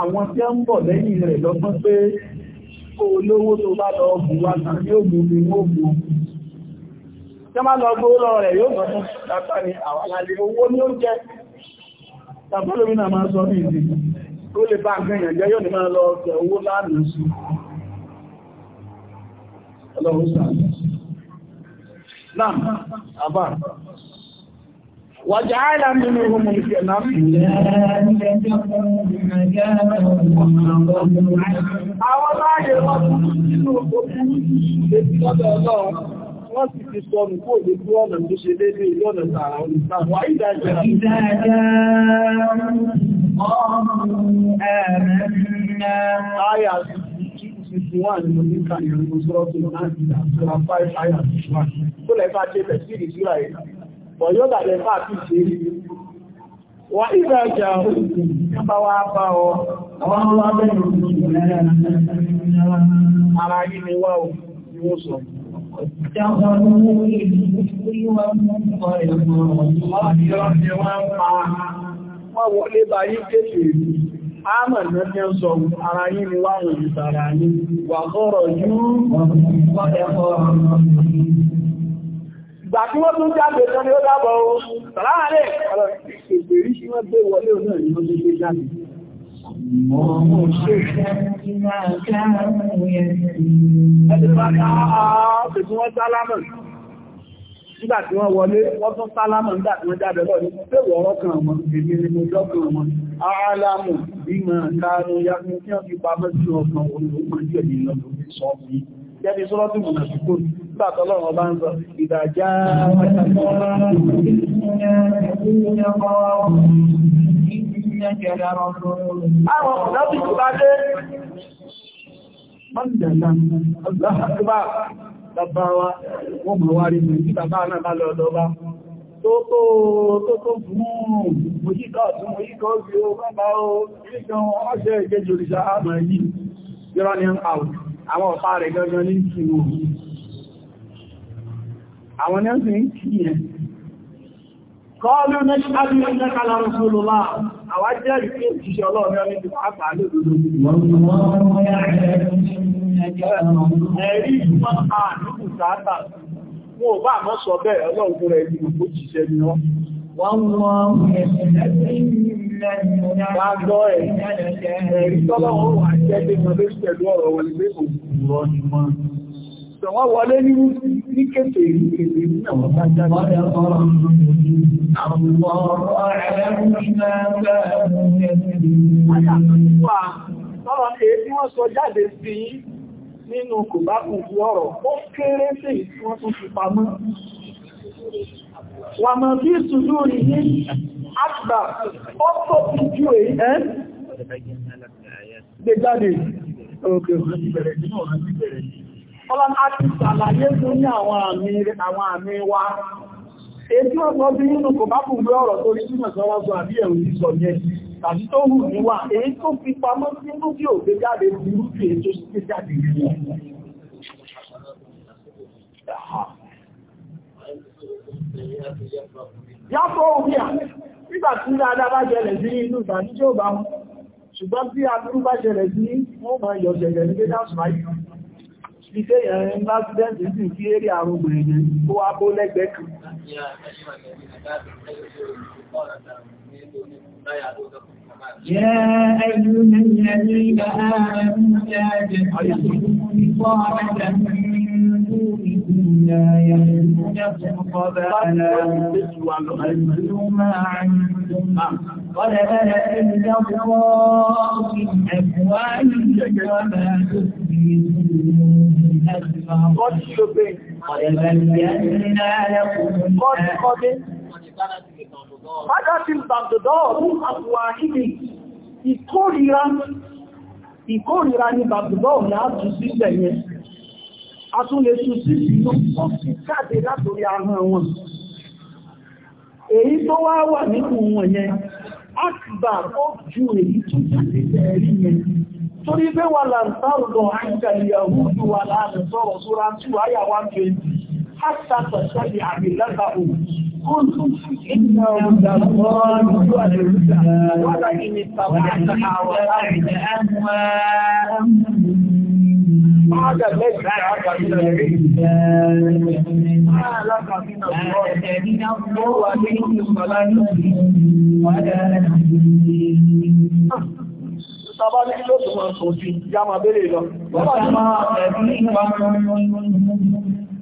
àwọn tí ó ń bọ̀ lẹ́yìn rẹ̀ lọ́gbọ́n pé kó olówó tó bá lọ bù wá náà yóò mú mi ó mú tí wọ́n lọ gbó lọ rẹ̀ yóò mọ̀ látàrí àwọn alẹ́ owó ní oúnjẹ tàbílòmínà máa sọ ní ìdí tó lè bá nǹkan ìyànjẹ́ yóò ní máa lọ ọ̀kẹ́ owó láàrín sí وجعل منهم الكلام àwọn láàrin ọdún nínú òkúrú lèbí lọ́dọ̀ ọlọ́run wọ́n sì ti sọ nù kó lè kú ọ̀nà tó ṣe dédé ilé ọ̀nà tààrà olùsàwọ̀ àìdájẹ́ àyà 61 ni mo ní kàyẹ̀ ìrìnlọ́sọ́rọ̀ tó náà ìdá 5 àyà 61 tó lẹ́fà jẹ́ sí ìrìnlọ́sọ́rọ̀ bọ̀ yóò dàbẹ̀ bá àti ṣe rí wà ìgbà ìjà bá wá bá ọ àwọn ọmọ bẹ̀rẹ̀ ara yìí ni wá ò ní ó sọ Wọ́n wọlé ọ ọ̀rọ̀ ìgbà tí wọ́n tún jáde tán ni ó dábọ̀ o sàlámàlẹ́ ìgbèrí sí wọ́n gbé wọlé òun náà ni wọ́n tún gbé jáde Nígbà tí wọ́n wọlé, wọ́n tún sálámà nígbà tí wọ́n jáde lọ ní pé wọ́rọ́ kan wọn, èmi ni mo lọ́kàn wọn. Aláàmù bí máa káàrùn-ún yá fún kí wọ́n fi pamọ́ sí ọkàn olùgbọ́n jẹ́ ìlọ́dún sọ́ọ̀fún. Gẹ́bí sọ́lọ́tí mọ̀nà ṣùkú látọ́lọ́run ọba ń sọ ìdàjá Àwọn ọ̀dábí tó bá dé, wọ́n dẹ̀lá, ọ̀dá àkíbà, bàbá wa, wọ́n mọ̀ wá rí mi, bàbá náà bá lọ ọ̀dọ́ bá tó tó tó tó fún àwọn ọ̀pá rẹ̀ gangan ní kí wò àwọn ní ọ̀sìn kí ẹ kọlu ní ṣáàbí ní kàlà rọ̀sùlùmá àwa jẹ́ ìpín ìṣẹ́ ọlọ́ọ̀rẹ́ ní ti pàápàá lódodo ẹ̀rí ìgbọ́n àdúgbù sáátà wọn ò bá àmọ́ sọ bẹ́ẹ̀ ọlọ́ọ̀gbọ́n rẹ̀ ní wọ́n mọ Gbàgbọ́ ẹ̀ ẹ̀rí tọ́lọ́wọ́ wà jẹ́ bí mo lé pẹ̀lú ọ̀rọ̀ wọn lé òkúrọ̀ ni wọ́n. Sọ̀wọ́n wọlé ní kéfè ìlú kéfè ní àwọn bá jáde. Wọ́n yẹ ọ̀rọ̀ àwọn ọ̀rọ̀ ẹ̀rẹ́ wà mọ̀ bí ìsùlú rí ní àgbà ó tó fi jù èyí ẹ́ lè jáde ọlọ́n a ti sàlàyé fún ní àwọn àmì wa èyí wọ́n sọ bí nínú kò bá kù lórí ọ̀rọ̀ tó rí sínú sọ́wọ́sọ́ àbí ẹ̀rù ìsọ̀ yẹn tàbí tó hù níwà èyí tó fi pamọ́ sínú bí ò gbé jáde burúkú èyí tó sì gbé jáde rí Yàtọ̀ òwúyà, nígbà tí dáadáa bá jẹlẹ̀ sí inú ìbànújẹ́ ò bá wọn, ṣùgbọ́n bí aburú bá jẹlẹ̀ sí wọ́n máa yọ jẹ̀jẹ̀ ní pé dáṣù máa yìí. Ìfẹ́ ẹ̀rin bá sídẹ́ǹtì sí kí eré àrùn gbèrègbè tó wá bó lẹ́gbẹ̀ẹ́ kan. يا أيها الذين آمنوا لا تتخذوا بطانة من دونكم لا يحلونكم خبالا أنتم ما عنتم قد بدت البغضاء من أموالهم وما تخفي صدورهم أكبر قد بينا لكم قد قد Fájátil bàbùdọ́ ọ̀rún àtùwà ìlì ìkórìíra, ìkórìíra ni bàbùdọ́ ọ̀nà àtù sílẹ̀ yẹn. A tún lè tún sí ìlú ó sì jáde látorí ahọ́n wọn. Èyí tó wá wà nínú wọn yẹn, àtìbà ó ju èyí tó jáde lẹ́rí yẹn. Torí pé wà làǹtàrùn àìjàlìyàwó ìwà láàrín sọ̀rọ̀ كنتم إنهم لضالون ولئن استطعت أولئك أموالهم هذا ليس لك من العلم ما لك من الله ومنهم ولا ولا Tàbá ní ló tún mọ̀ sòfin, já máa bèèrè lọ. Wọ́n máa tẹ̀lé ìpamọ́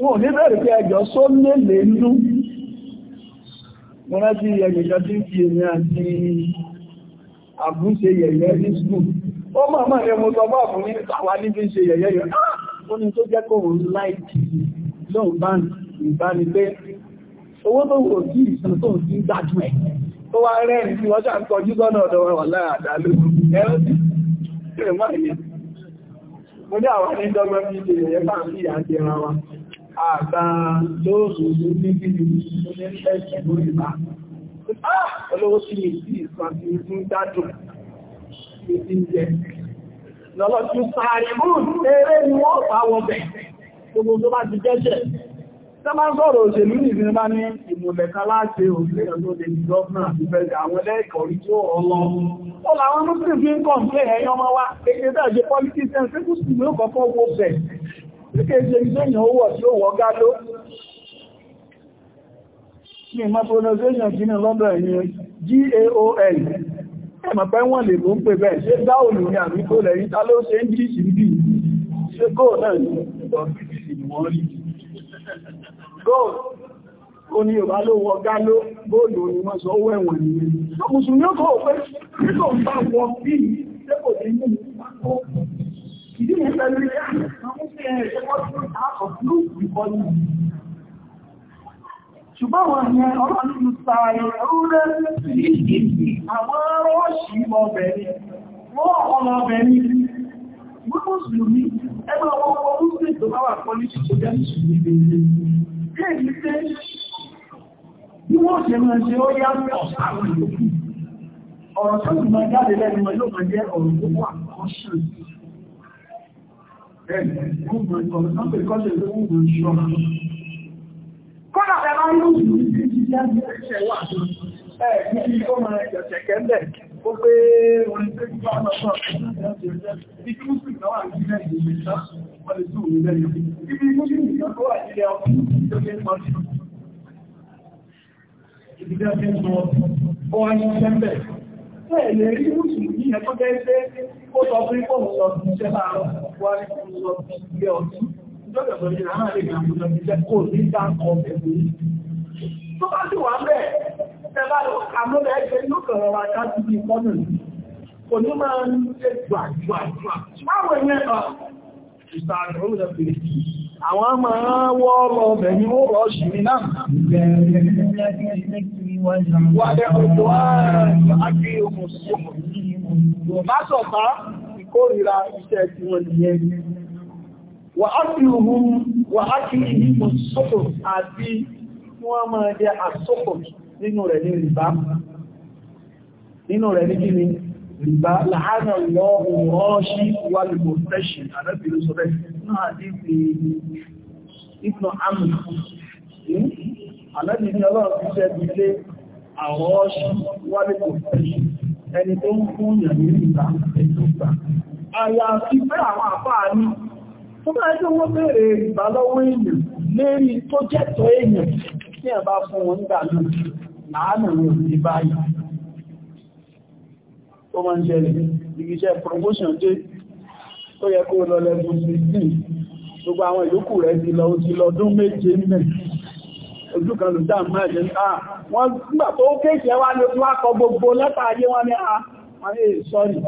wọn ò ní bẹ̀rẹ̀ pé ẹjọ́ só lélè nú wọ́n ẹgbẹ̀jọ́ tí ń fi èmi àti yẹ̀yẹ́ ní ó máa máa ní yọ ah! tó wá rẹ̀ ní wọ́n ń kọjú ọ̀dọ̀ wọn àdálò mo ní àwọn dọ́gbọ́n ṣe yẹ̀yẹ́ bá ń wa àgbà lóòrùn níbi ìrìnlẹ́ṣẹ̀ lórí ìbá. Ah! Olówó sí ìsí ìsànkì fún dádùn ìdí jẹ. Lọ́lọ́tún sàárì mún eré ni wọ́n pa wọ́n bẹ̀. Gbogbo tó bá ti jẹ́jẹ̀. Tẹ́ máa ń sọ̀rọ̀ òṣèlú nìfin bá ní ìmọ̀lẹ̀ kan láti òṣèlú tó lè ní gọ́ọ̀nà àti bẹ̀rẹ̀ àwọn ẹlẹ́ẹ̀kọ́ orí tí ó ọlọ. Ó làwọn Mùsùlùmí ń kọ̀ǹpẹ́ ẹ̀yọ́ ọmọ wa, èdè dájẹ́ politicians, ṣé Mùsùlùmí ó kọ́kọ́ wo bẹ̀ tí kèé ṣe ìṣẹ́yìn owó tí ó wọ́ gádó pronunciation kí ní London g-a-o-l ẹ̀mọ̀ pẹ́ wọ́n lè ló ń pè bẹ́ẹ̀ ṣe dá òlù ní àmìkò lẹ́yìn tá ló ṣe English bí ṣe goal náà ní wọ́n rí goal ó ní Yorùbá ló wọ gáló góòlù ni wọ́n sọ wẹ́wọ̀n nìyẹn ìdí Ṣùgbọ́n wọn ni ọlọ́run nínú sàárè rúrẹ́ sí ìdí àwọn rọ́ọ̀ṣì ọbẹ̀rin. Wọ́n ọmọ ọbẹ̀rin gbogbo Mùsùlùmí ẹgbẹ́ ọmọ ọmọ Mùsùlùmí tó bá wà pọ̀ jẹ́ Mùsùlùmí bèèrè. Bí èyí pé bí wọ́n ṣe máa ṣe ó yá Kọ́nà ẹ̀rọ yóò sì ní ìjẹ́ ìṣẹ́ wà ní ẹ̀kí kí ó máa ẹ̀jọ̀ṣẹ̀ kẹ́lẹ̀ ó pé orin tó gbá lọ́pọ̀ ìjọba ìjọba ìjọba wà ní ilẹ̀ ìjọba wọ́n lè tún ìlẹ̀ ìjọba. Ibi mú sí ìjọba wà ní ilẹ̀ ọkùnrin tó gbé ń pọ̀ sí. Ìdíjẹ́ ọkùnrin tó wọ́n ní ìjẹ́ ó sọ fún ipò mú lọ sí iṣẹ́ láàárọ̀ wá ní kí mú lọ sí ilé ọtí ìjọba ìgbà yìí náà lè gbà mú lọ sí iṣẹ́ kó ní dáńkọ bẹ̀rẹ̀ yìí. tó bá sì wà bẹ́ẹ̀ ẹ bá lọ àmúlẹ̀ ẹgbẹ́ inú kan rọra ká sí ibi ìkọ́nù yìí kò ní máa ń ṣe gbàgbàgbà báwo ni ẹ ìsàlẹ̀ òun lẹ́bẹ̀rẹ̀ àwọn máa wọ́ lọ bẹ̀ ní ó rọ̀ ṣì ní náà wà lẹ́kọ̀ọ́ àti òkùnṣòkùn Yorùbá sọ̀tá ìkórìíra iṣẹ́ tí wọ́n nìyẹn. Wà á fi òhun wà á kí ìhìmọ̀ sọ́kọ̀ àti wọ́n máa jẹ àsọ́kọ̀ nínú rẹ̀ ní rìbá. Nínú rẹ̀ ní kíni rìbá làánà lọ́hùn rọ́ṣí wà lùmọ̀ tẹ́ṣì àrẹ́bìnrin sọ bẹ́ẹ̀ náà dìbì ìpnà àmì. Àlẹ́bìnrin ọlọ́run ti ṣẹ́ ẹni tó ń fún ìyàn ní ìgbà ètò ìgbà. Àyà àti pé àwọn àfáà ní, tó bá ẹjọ́ wọ́n bèèrè ìgbà lọ́wọ́ èèyàn lérí tó jẹ́tọ̀ èèyàn tí ẹ bá fún wọn nígbà náà láàánà wọn ní báyìí. Ó máa ń ṣẹlẹ̀ ibi iṣẹ́ promotion dé tó yẹ kó lọ lẹ́gbùn sí gbogbo àwọn ìyókù rẹ̀ ti lọ ojú kan ló dáa máa jẹ́ náà wọ́n gbà tó kéèkẹ́ wá ní ojú akọ gbogbo lẹ́ta ayé ah, wọ́n ní a eh, wọ́n ní sọ́rì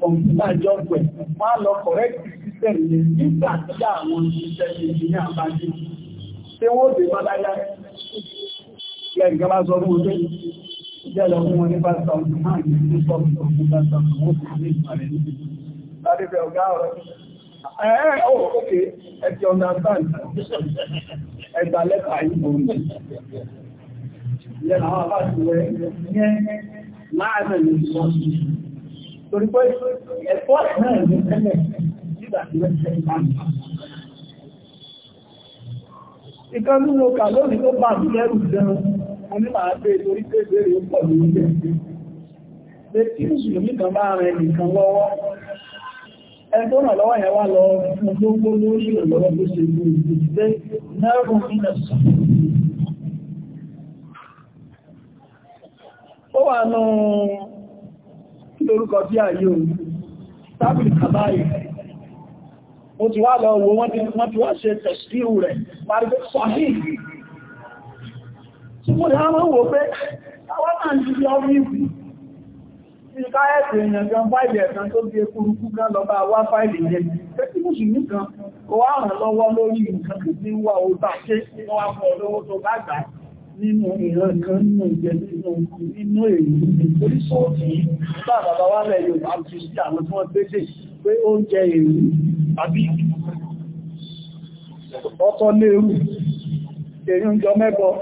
Kọ̀m̀pútà jọ́pẹ̀, wọ́n lọ kọ̀rẹ́kì sísẹ̀m ní nígbà tí àwọn ìṣẹ́ ìjìnà bá jẹ́. Tí wọ́n dè bá láyá, lẹ́gbẹ̀ẹ́ bá sọ fún ojú yálà ohun wọn ní bá sàmù máa ní ní sọ́ọ̀mù tó fún bá sàmù ó sì ní ìgbà rẹ̀ níbi. Láti fẹ́ ọ̀gá ọ̀rọ̀ ẹ̀ ọ̀ òkè ẹ ti understand ẹgbà lẹ́tà yìí mò ń jì. Ìyẹn àwọn abájú rẹ̀ yẹn láàárín ní sọ́ọ̀mù. Torí pé ẹ̀fọ́ náà ní tẹ́lẹ̀ nígbà tí wọ́n ti Ìkan nínú kà lónìí tó bá mi lẹ́rù gan-an mo ní máa bèèrè orí pé bèèrè ó pọ̀ lórí ẹ̀ pé tí mùsùlùmí kan bá rẹ̀ nìkan lọ́wọ́ ẹni tó ràn lọ́wọ́ yẹn wá lọ fún gbogbo lórí ìrànlọ́wọ́ tó ṣe gbé ìgbé náírùn nínú sọ ó wà nù kí lórúkọ bí ayé o tábìlì kàbáyì mo ti wá lọ wo wọ́n ti wá ṣe tẹ̀síwù rẹ̀ parí pé sọ́hìn tí mo dá mọ́ wò pé àwọn náà ń ṣiṣẹ́ ọ́fíìsì tí káyẹ̀sì èèyàn kan fáìlì ẹ̀kan tó bí ekúrukú kan lọ wá fáìlì yẹn pé tí mùsùlùmí kan kò wá ràn lọ́wọ́ lórí nǹkan tó ti wà ó bá ṣe nínú ìran kan nínú ìjẹ nínú inú èyí nítorí sọ́ọ̀tì bá bàbá wá lẹ̀ yóò bá ti sí àwọn tí wọ́n tẹ́jẹ̀ pé oúnjẹ èrú àbí ọ̀tọ̀ lérú tẹ̀rí oúnjẹ mẹ́bọ̀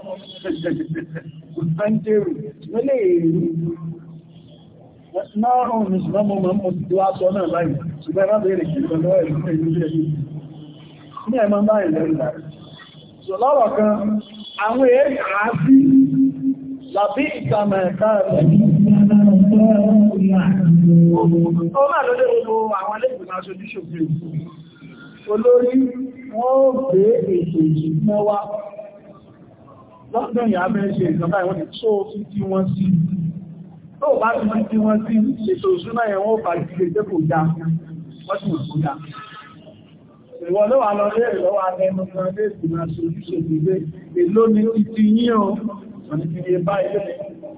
àwọn èèrí àábí làbí ìtàmà ẹ̀ká rẹ̀ ó máa lọ́dẹ́ gbogbo àwọn alẹ́gbẹ̀ẹ́ aṣojú ṣòfin olórí wọ́n gbé ètò ìṣúná lọ́dún ìyá bẹ́ẹ̀ ṣe ìjọba ìwọ́n ni tó sí tí wọ́n sí tó bá ti mọ́ tí wọ́n sí ṣíṣò súnà ẹ̀ wọ́n bá ti lè jẹ́ kò dá wọ́n sì wọ́n kò dá ìwọ̀n ló wà lọ lé ìlọ́wà ẹnu kan lé ìgbìmọ̀ àṣojúṣe ìgbé o wọ́n ti lè bá ilé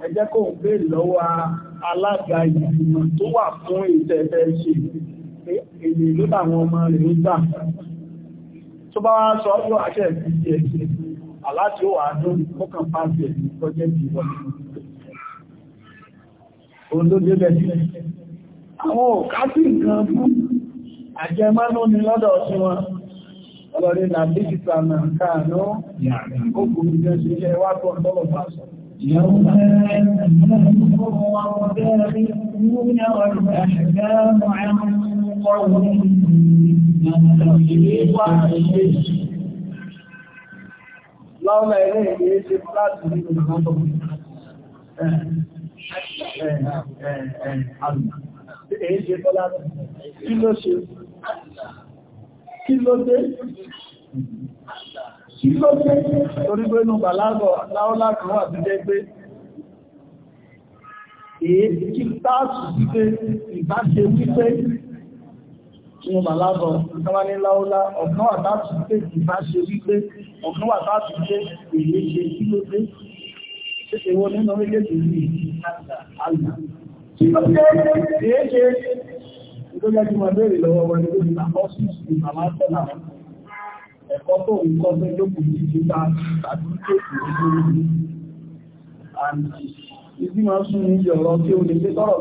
ẹ jẹ́ kó ń gbé lọ́wọ́ alága ìgbìmọ̀ tó wà fún ìtẹ̀fẹ́ ṣe èyí ló làwọn ọmọ bá wá sọ ọ́ àṣẹ ìfìdí ẹ̀ṣẹ̀ aláti ó wà ní mọ́kàn pàtí ẹ̀ ní pọ́jẹ́ntì wọlé òun ló débẹ̀ àwọn òkátí nǹkan fún àjẹmánú ni lọ́dọ̀ sí wọn ọlọ́rin na dígítà na káàánú òkùnrin jẹ́ sí ilẹ̀ wá tó ọ̀tọ́lọ̀ bá sọ láọ́lá ilé ìgbé ṣe fúláàtì ní ìgbàmọ́ Èyí ṣe fúláàtì, kí ló ṣe? Kí ló dé? Kí ló dé? Torí pé inú bàlágọ̀ láọ́lá kan wà ti jẹ́ pé èyí kí táàtù wípé ìbáṣe wípé inú bàlábọ̀ ọ̀kan ní láúlá ọ̀kan wà táàtù pé ìbá ṣe wípé ọ̀kan wà táàtù pé èyí ṣe kí ló dé ṣe wọ́n nínú méjèèjì ní àgbà kí ló dé èyí ṣe ìtọ́já tí wọ́n béèrè lọ́wọ́ wọn ni lórí àkọ́sùsù ìbàlábọ̀ làwọn ẹ̀kọ́ tó ń kọ́ pé lókùn ti ti ta tàbí kéèkì lórí ìdí máa sún ní ìyọ̀rọ̀ tí ó lè gbé tọ́rọ̀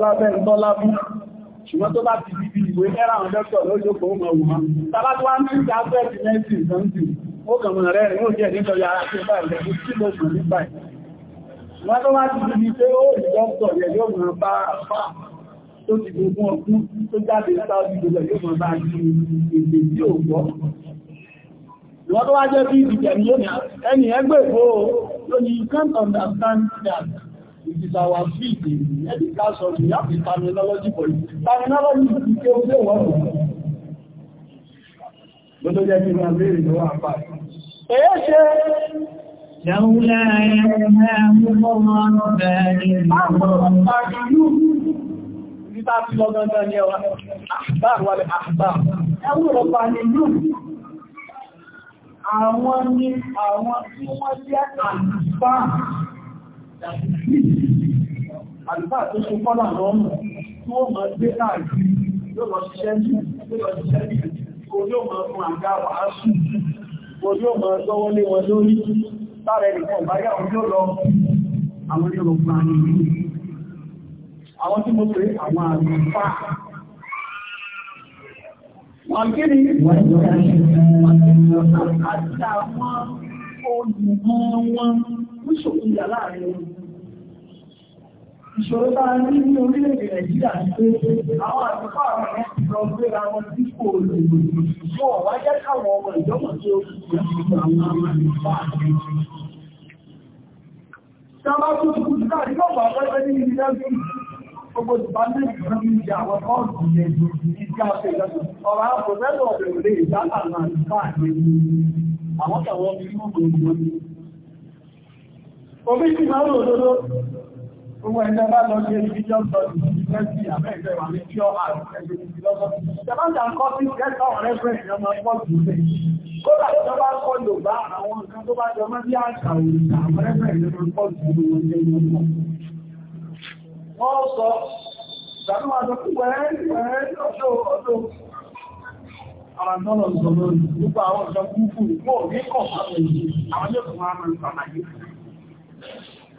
láti máa ń ṣùgbọ́n tó bá ti bíbí ìwé ẹ́rà àwọn dọ́kítọ̀ lójókò ó máa wù máa tàbá tó wá ní ìjà fẹ́ẹ̀tì mẹ́sì ìsáǹtì ó kàmù rẹ̀ ìwọ́n tó wá jẹ́ bí ìdìjẹ̀ ni yóò ní ẹni ẹgbẹ́ ìfowó lónìí can't understand that It is our field in education. We have the terminology for it. Terminology is the kí o ṣe wọ́n. Gbogbo jẹ́ kí máa béèrè lọ́wọ́ àpá. Èyẹ́ ṣe. Lọ́wọ́lá àwọn ni àwọn tí wọ́n jẹ́ àlùfáà Àlùfáà tó ṣe kọ́lá lọ́nà tí ó mọ̀ gbé káàkiri yóò lọ ṣiṣẹ́ ní orí ọmọ fún àgbà wàásù, orí ọmọ lọ́wọ́lé wọn lórí, lára ẹnìkan báyá orí ó lọ àwọn Yorùbá ní àwọn tí mo pè àwọn àlùfáà. Wọ́n kí ni wọ́n ń lọ àti àwọn olùmọ̀ wọn ìṣòro ìyà láàrin ní ní orílẹ̀-èdè Nàìjíríà ní pé àwọn àtúkọ̀ àwọn ẹ̀ ti lọ gbéra wọn dípò olùdó. Yóò wá jẹ́ káwọn ọmọ ìjọ́mọ̀ tí ó fi àwọn àmì ìfà àti ìjọba. Ìjọba tó ti kú sílá ní ọ̀pọ̀ àwọn Omi ti máa rò lódó. Gbogbo ẹ̀dẹ́ bá lọ sí ẹni bíjọ́ sọ ìfẹ́sì àbẹ́ẹ̀fẹ́ wà ní pure art ẹgbẹ́ ìfìlọ́sọ́. Ṣẹ̀bájà ń kọ́ sí ìfẹ́sọ̀ ọ̀rẹ́ fẹ́ ìjọba pọ̀ jù lẹ̀. Kódà tó bá kọ́ lò bá àwọn nǹkan tó bá jọ mọ́ bí àṣà òrìṣà ọ̀rẹ́ fẹ́ ìjọba pọ̀ jù lẹ̀. Wọ́n sọ, ṣàdúrà tó kú wẹ́ẹ́ wẹ́ẹ́ ọjọ́ ọdún àwọn ọ̀dọ́ lọ sọ lórí gbogbo àwọn ọ̀dọ́ kúkú mọ́ ní kọ̀ọ̀kan àwọn yóò tún wá máa ń sàlàyé.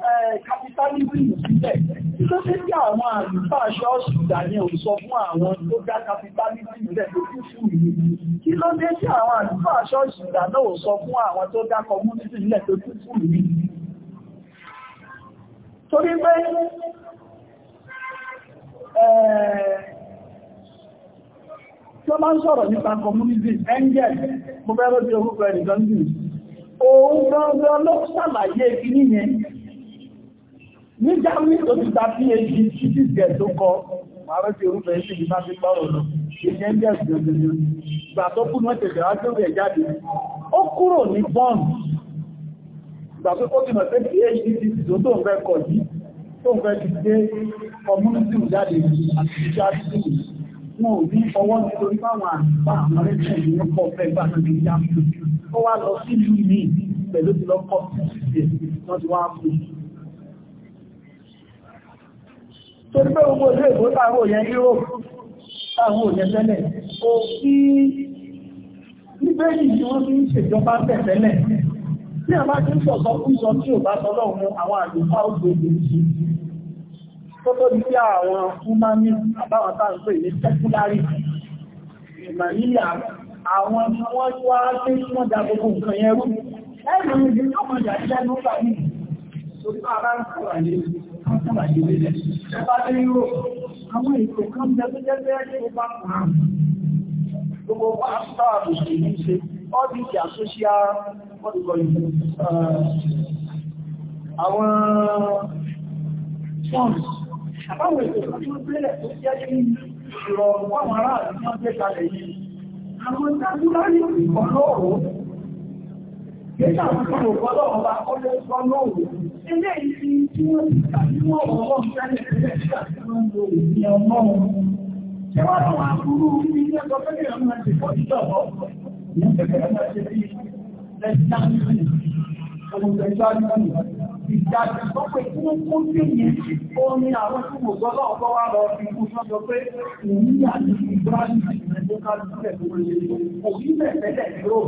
Eh, capitalism sílẹ̀ tó tí àwọn àlùfà ṣọ́ọ̀ṣì Daniel sọ fún àwọn tó dá capitalism sílẹ̀ tó kú fún ìlú kí ló dé àwọn àlùfà ṣọ́ọ̀ṣì Daniel sọ fún àwọn tó dá community sílẹ̀ tó kú pé eh, tí ó ń sọ̀rọ̀ nípa engel mo fẹ́ gbọ́ngbọ́n ló sàlàyé ní germany tó ti ta phd títí gẹ̀ tó kọ ààrẹ ti orúfẹ́ sí ìgbà tí gbọ́rọ̀ lọ ìyẹn gẹ̀ gbogbo ìgbà tó kú náà tẹ̀sẹ̀ wá tó rẹ̀ jáde ó kúrò ní bond ìgbà tó kókì mọ̀ pé phd títí tó tó ń fẹ́ kọ yìí tó ń fẹ́ ti dé community jáde àti ìjáde wọn ò ní ọwọ́ nítorí báwọn àgbà àwọn ẹ̀sẹ̀ ní ọkọ̀ ọ̀fẹ́ gbà náà ní ìyá ó wá lọ sí ìlú mi pẹ̀lú ti lọ́kọ̀ sí ìdíje wọ́n ti wá fún un tó pé gbogbo ilé ìbò táwọn òyìn Europe táwọn òyìn tẹ́lẹ̀ ó kí níbẹ̀rẹ̀ yìí wọ́n fi ń ṣèjọba tẹ̀tẹ́lẹ̀ tí a bá ti ń sọ̀tọ́ fún sọ tí ò bá sọ́lọ́ ohun àwọn àlùfáà ó ìṣẹ́ tó tó di sí àwọn fúnmámi àbáwọn táà ń pè ní sẹ́kúlárì ìmàlíyà àwọn tí wọ́n wá sí wọ́n da gbogbo nǹkan yẹn rú ẹ̀rù ìdí ọmọdé àti ẹnu sàlàyé lélẹ̀. Ẹ̀bá lé yóò, àwọn ètò kan jẹ́ tó jẹ́ bẹ́ẹ̀ tó bá kàn Gbogbo pásítọ̀ àbùsùn yìí ṣe, ọ́dìtì àsóṣíà, ọdìkọ̀ ìlú, àwọn fọ́nì, àbáwọn ètò kan tó bẹ́ẹ̀ tó jẹ́ kí ìrọ̀rùn fáwọn aráàlú náà gbé kalẹ̀ yìí. Àwọn ìdájú láyé ọlọ́run, kí ilé ìfi tí wọ́n ti tàbí wọ́n wọ́n wọ́n tẹ́lẹ̀ tẹ́lẹ̀ tí àti wọ́n lo ìdí ọmọ wọn. Ṣé wọ́n lọ máa burú ní ilé ẹ̀kọ́ fẹ́lẹ̀ ọmọ ẹ̀sìn fọ́ ìjọ ọ̀pọ̀ ní ìfẹ̀kẹ̀ ọmọ ẹ̀sìn bí lẹ́sìn àmì olùgbẹ̀jọ́ àdúgbò ìdájọ́ tó pé kí wọ́n kó sí yẹn ó ní àwọn tí mo gbọ́dọ̀ ọ̀pọ̀ wá lọ fi kú sọ́jọ́ pé òun ní àti ìgbà ìgbà ìgbà tó ká lù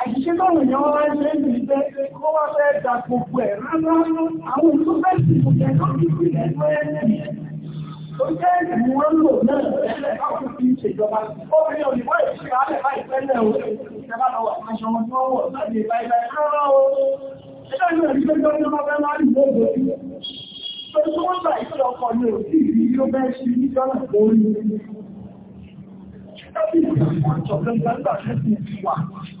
Àṣìṣe lọ́rùn yẹn wọ́n wá ṣe ń bí pé kó wá fẹ́ da gbogbo ẹ̀ rárá àwọn olùsọ́fẹ́sì kò jẹ́ tó kí sí ẹ̀kọ́ ẹ̀ẹ́dì. Tó jẹ́ ìlú wọn lò náà ẹ̀ẹ́dẹ̀ káwọn fi ń ṣèjọba. Ó fi òyìnbó ìṣẹ́ alẹ́ báyìí tẹ́lẹ̀ o. Ìjọba lọ wà fún aṣọ wọn tí wọ́n wọ̀ láti báyìí báyìí rárá o. Ẹjọ́ ìlú ẹ̀rí pé jọ́jọ́ máa fẹ́ láti gbogbo. Tó tó wọ́n gbà ìṣẹ́ ọkọ̀ ni ò sí ìrí ló fẹ́ ṣe ní Jọ́nà lórí. Ṣé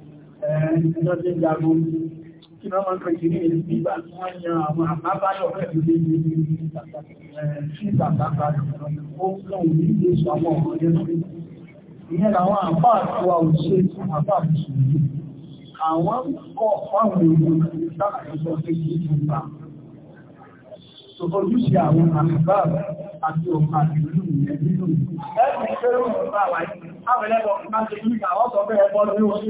ẹjọ́ tí jagun kí wọ́n máa ń pẹ̀kì ní èdè nígbà tí wọ́n yan àwọn àbábáyọ̀ pẹ̀lú léyìn sí ìtàkàkà ó kàn ní ìgbésù àwọn ọ̀rọ̀ yẹn lórí ìyẹn làwọn àpá àtiwà òṣè àpá àtìsùnmí àwọn kọ́ fáwọn èèyàn ìtàkàkọ́ pé kí ìjọba ojúṣe àwọn àṣìbáàbù àti ọ̀pá ìlú ìyẹn nínú ẹgbẹ̀rún ìgbà wáyé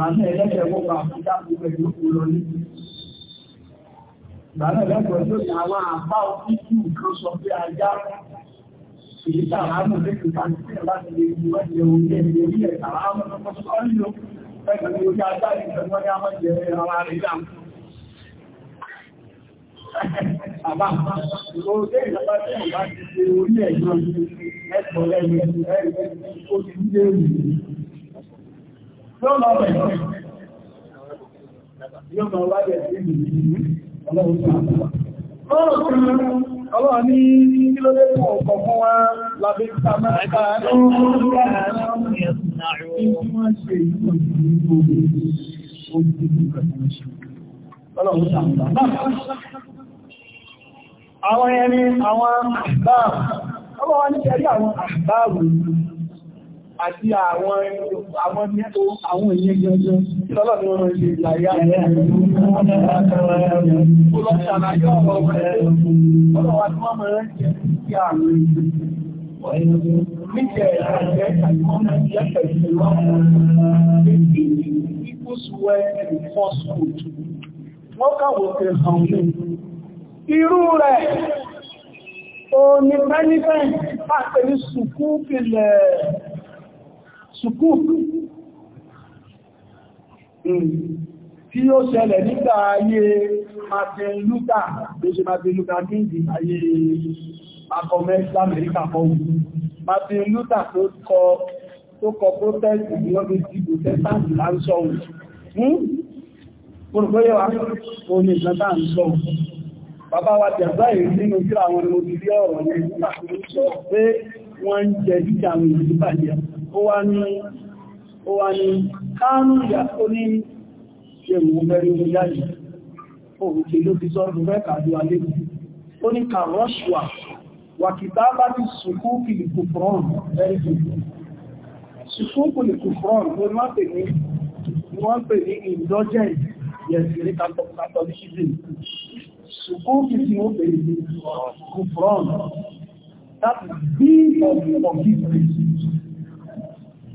Màmí ẹlẹ́ṣẹ̀ gbogbo àfúdá gbogbo ẹ̀lú lọ ní. Ìgbàlẹ̀ lẹ́gbẹ̀ẹ́ tó ní àwọn àpá òkú kan sọ pé ajá èyí tààmù lẹ́kùn tàbí sí ẹ̀ láti lè rí wọ́n jẹ oúnjẹ ìlérí ẹ̀ tààmù lọ́pọ̀ sọ́rí lọ pẹ̀lú orí ajá ìgbẹ̀gbọ́n ní àwọn jẹ ara rẹ̀ dáàmù. Àbá, orí ìjọba tí wọ́n bá ti ṣe orí ẹ̀yọ́ ẹ̀tọ́ lẹ́yìn ẹ̀rẹ́ yóò máa wà ìfẹ́ yóò máa wà bẹ̀rẹ̀ sí ìlú ọlọ́run tó àpá. Ọlọ́run ọlọ́run ní kí ló lé fún ọkọ̀ fún wa lábẹ́ ìta máa ká Àwọn ẹni àwọn àbáà, ọlọ́wọ́ ní ṣe rí àwọn àbáà wòrò àti àwọn èèyàn jọjọ lọ́lọ́ ni wọ́n ṣe ìlàyà ọlọ́ṣàlàyọ́ ọmọ ẹ̀rẹ́ ọlọ́wà tí wọ́n mọ̀ rẹ̀ sí àrùn Níjẹ̀ ìrìnàjẹ́ àìmọ́nà ìyẹ́fẹ̀ ìlọ́wọ́ pàtẹ́ ní sùkú pìlẹ̀ sùkúù hmm. tí ó ṣẹlẹ̀ nígbà ayé Martin Luther tó ṣe Martin Luther King ayé akọmẹ́sí Amẹ́ríkà fọ́wù Martin Luther tó kọ tó kọ protest hmm? ní ọdún tí protestant láńsọ̀ ohun olùgbóyẹ̀ wa ó ní ìjọta ń sọ bàbá wa jẹ̀bá ìrìn nínú kíra àwọn olùdílé ọ̀rọ̀ ní ìgbà tó ń sọ pé wọ́n ń jẹ jíjà àwọn ìlú bàjẹ́ ó wá ní ó wá ní káàmù ìyàtọ̀ ní ṣèrù mẹ́rin omi yáyì òun tí ló fi sọ́rọ̀ fẹ́ kàájú alébù ó ní kàrọ́ṣùà wàkìtà bá ti sùkúùkì lè kò fọ́n very good sùkúùkì lè kò fọ́n ló má pè ní wọ́n pè ní indulgent yẹ̀sìrí catholicism sùkúùkì tí ó pè ní kò fọ́n that is being of forgiveness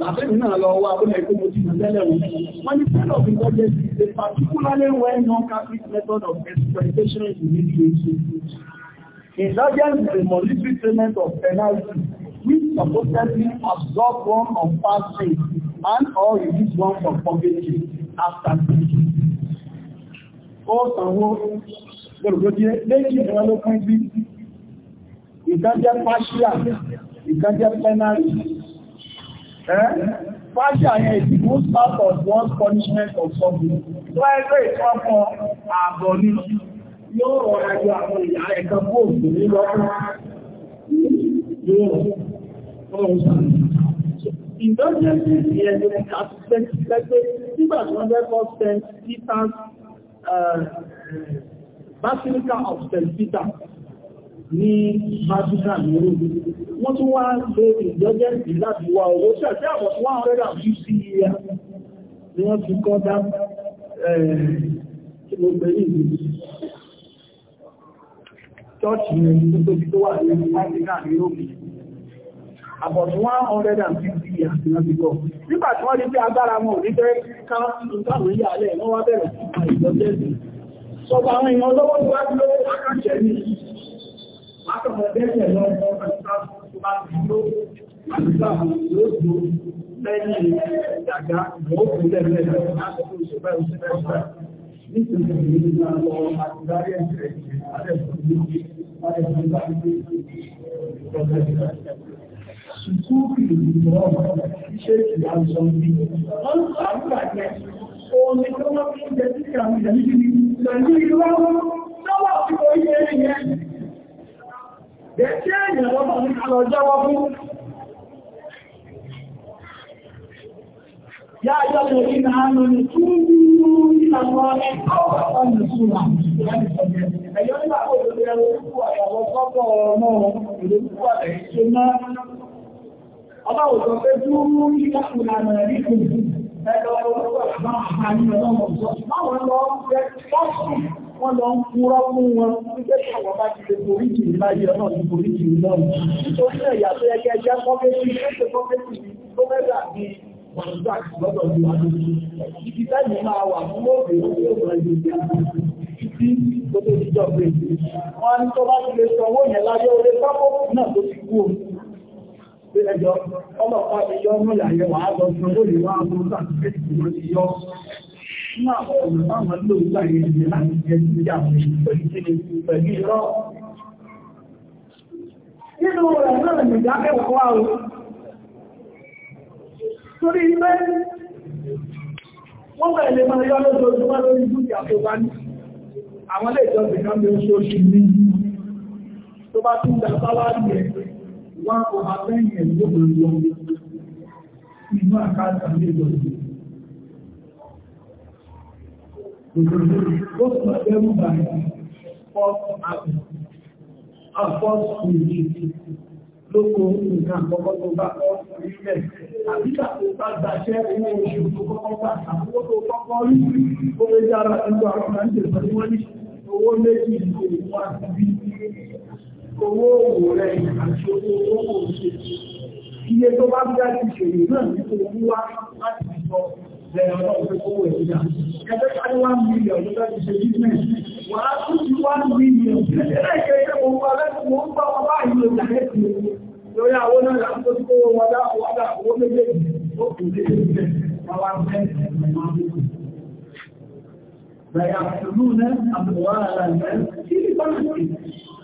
Làbẹ́mi náà lọ wá ó lẹ́kọ́ mo ti mọ̀ tẹ́lẹ̀ wọn. Wọ́n ní kind of intelligence is a particularly well-known Catholic method of exploitation in literacy. Indulgence the a monetary payment of penalty which supposedly absorb one of past sins and or release one from poverty after sin. Ó sanwó lórúkọ́dé méjì ìran ló pín sí. Ìkan jẹ́ partial, ìkan jẹ́ penalty. Eh? Fáṣà yẹn ìdìbò start of one punishment of something. Tó ẹgbẹ́ ìtọ́kọ̀ ààbọ̀ ni yóò rọ ẹjọ́ àwọn ìyá ẹ̀ka bóòlù ní lọ́kùn. Yóò rọrùn sàn. Indulgences yẹn ni àti pẹ́pẹ́ nígbà tí wọ́n lẹ́kọ̀ọ́ St. Peter's eh, Basilica of St ní Madina lérò. Wọ́n tún wá ṣe ìjọjẹ́ sí láti wá owó tí àti àwọn tí wọ́n rẹ́rà sí sí ìyá ni wọ́n ti kọ́ dá kí eh, mo pẹ̀lú ìlú. Chọ́ọ̀chì ni ìlú ti 150 years ni wọ́n ti kọ́. Nígbà tí wọ́n rí pé agbára wọn ò ní fẹ́ ká nǹkan ìyá alẹ́ wọ́n wá bẹ̀rẹ̀ sí ìjọjẹ́ sí. Sọ látọ̀mọ̀ dẹ́jẹ̀ lọ́wọ́ lẹ́yìn ìdàgá ìwọ̀n ìlẹ́lẹ́ láti tó ṣe bẹ́ẹ̀ ṣe bẹ́ẹ̀ ṣe nítorí ìrìnà lọ àti dárí ẹ̀ṣẹ̀ àdẹ́sùn ní àdẹ́sùn láti ṣùkúrù ìrìnà ṣe kì á sọ ní Omi tó wọ́n fi ń jẹ títà ìjẹ̀ níbi pẹ̀lú jẹ́ kí èèyàn lọ́pọ̀ ní ní túnbí Wọ́n lọ ń kúrọ́ fún wọn nígbé ṣàwọn bá ti lè foríjì ní báyìí ọ̀nà ní foríjì ní náà. Nítorí náà ìyàtọ̀ ẹgbẹ́ ẹgbẹ́ kọ́kẹ́sì ní ẹgbẹ́ kọ́kẹ́sì ní tó mẹ́ta ní wàlúwà lọ́dọ̀ ní wà lórí. Ibi tẹ́lì máa wà fún lóògbé orí ògbà ìgbè títí tó tó ti jọ pé. Wọ́n ní tó bá ti lè sọ owó yẹn láyé orí pápó náà tó ti kú òun pé nínú rẹ̀ náà ní ìdákẹ́wọ̀n wá o torí pé wọ́n bẹ̀rẹ̀ lè máa yọ́ lójoojúmọ́ lórí dúkìá tó ní àwọn ilé ìjọsìn kan bí oṣooṣù ní tó bá tún dá sáwárì ẹ̀gbẹ́ one over ten years ló bẹ̀rẹ̀ lọ inú àkáàtà ní ìgbọ̀nsẹ̀. Ó sọ ẹrú bàbá fọ́ọ̀tù àbẹ̀ àfọ́ọ̀tù ìjì lóko nǹkan àkọ́kọ́ tó bá kọ́ nílẹ̀. Àbíkà tó bá gbàṣẹ́ owó oṣù tó kọ́kọ́ gbà àkókò tó kọ́kọ́ rí ó lé dára nínú àwọn àjẹsọ tí wọ́n ní owó méjì ìlú òun àti bíi owó òwò rẹ̀ àti owó owó òṣè. Iye tó bá bí láti ṣèlú náà ní kò wú wá láti sọ bẹ̀rẹ̀ ọlọ́run pé kówó ẹ̀ dídá. Ẹgbẹ́ sáré wá mílíọ̀n ló láti ṣe bísíǹsì. Wàá tún ti wá mílíọ̀n. Ẹgbẹ́ ìkẹ́kẹ́ mo gbọ́ lẹ́sìn mo ń gbọ́ ọmọ báyìí ló dà lẹ́sìn lórí àwọn náà láti tó kó wọn dá wọn dá owó méjèèjì ó kù lé ẹgbẹ́ àwọn afẹ́ ẹ̀mọ́ Bẹ̀rẹ̀ àtúrú náà àbúrò àlàyé kí ní bá ń pè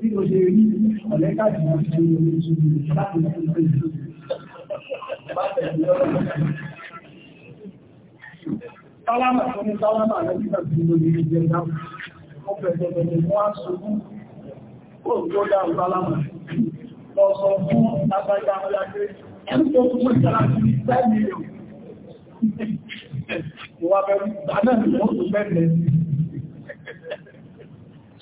Bí mo ṣe rí ọ̀lẹ́kà tí mo ṣe rí orí tí mo láti ṣe rí Tálámà tó ní tálámà lẹ́gbẹ̀ẹ́ tí mo lè jẹ dáhùn. Ó bẹ̀rẹ̀ bẹ̀rẹ̀ mú àṣòkú. Ó tó dáhùn tálámà. Lọ sọ fún lágbàjá ọlágbé. Ẹni tó tún mọ́ ìjọra ti ní 10 million. Ìwà bẹ̀rẹ̀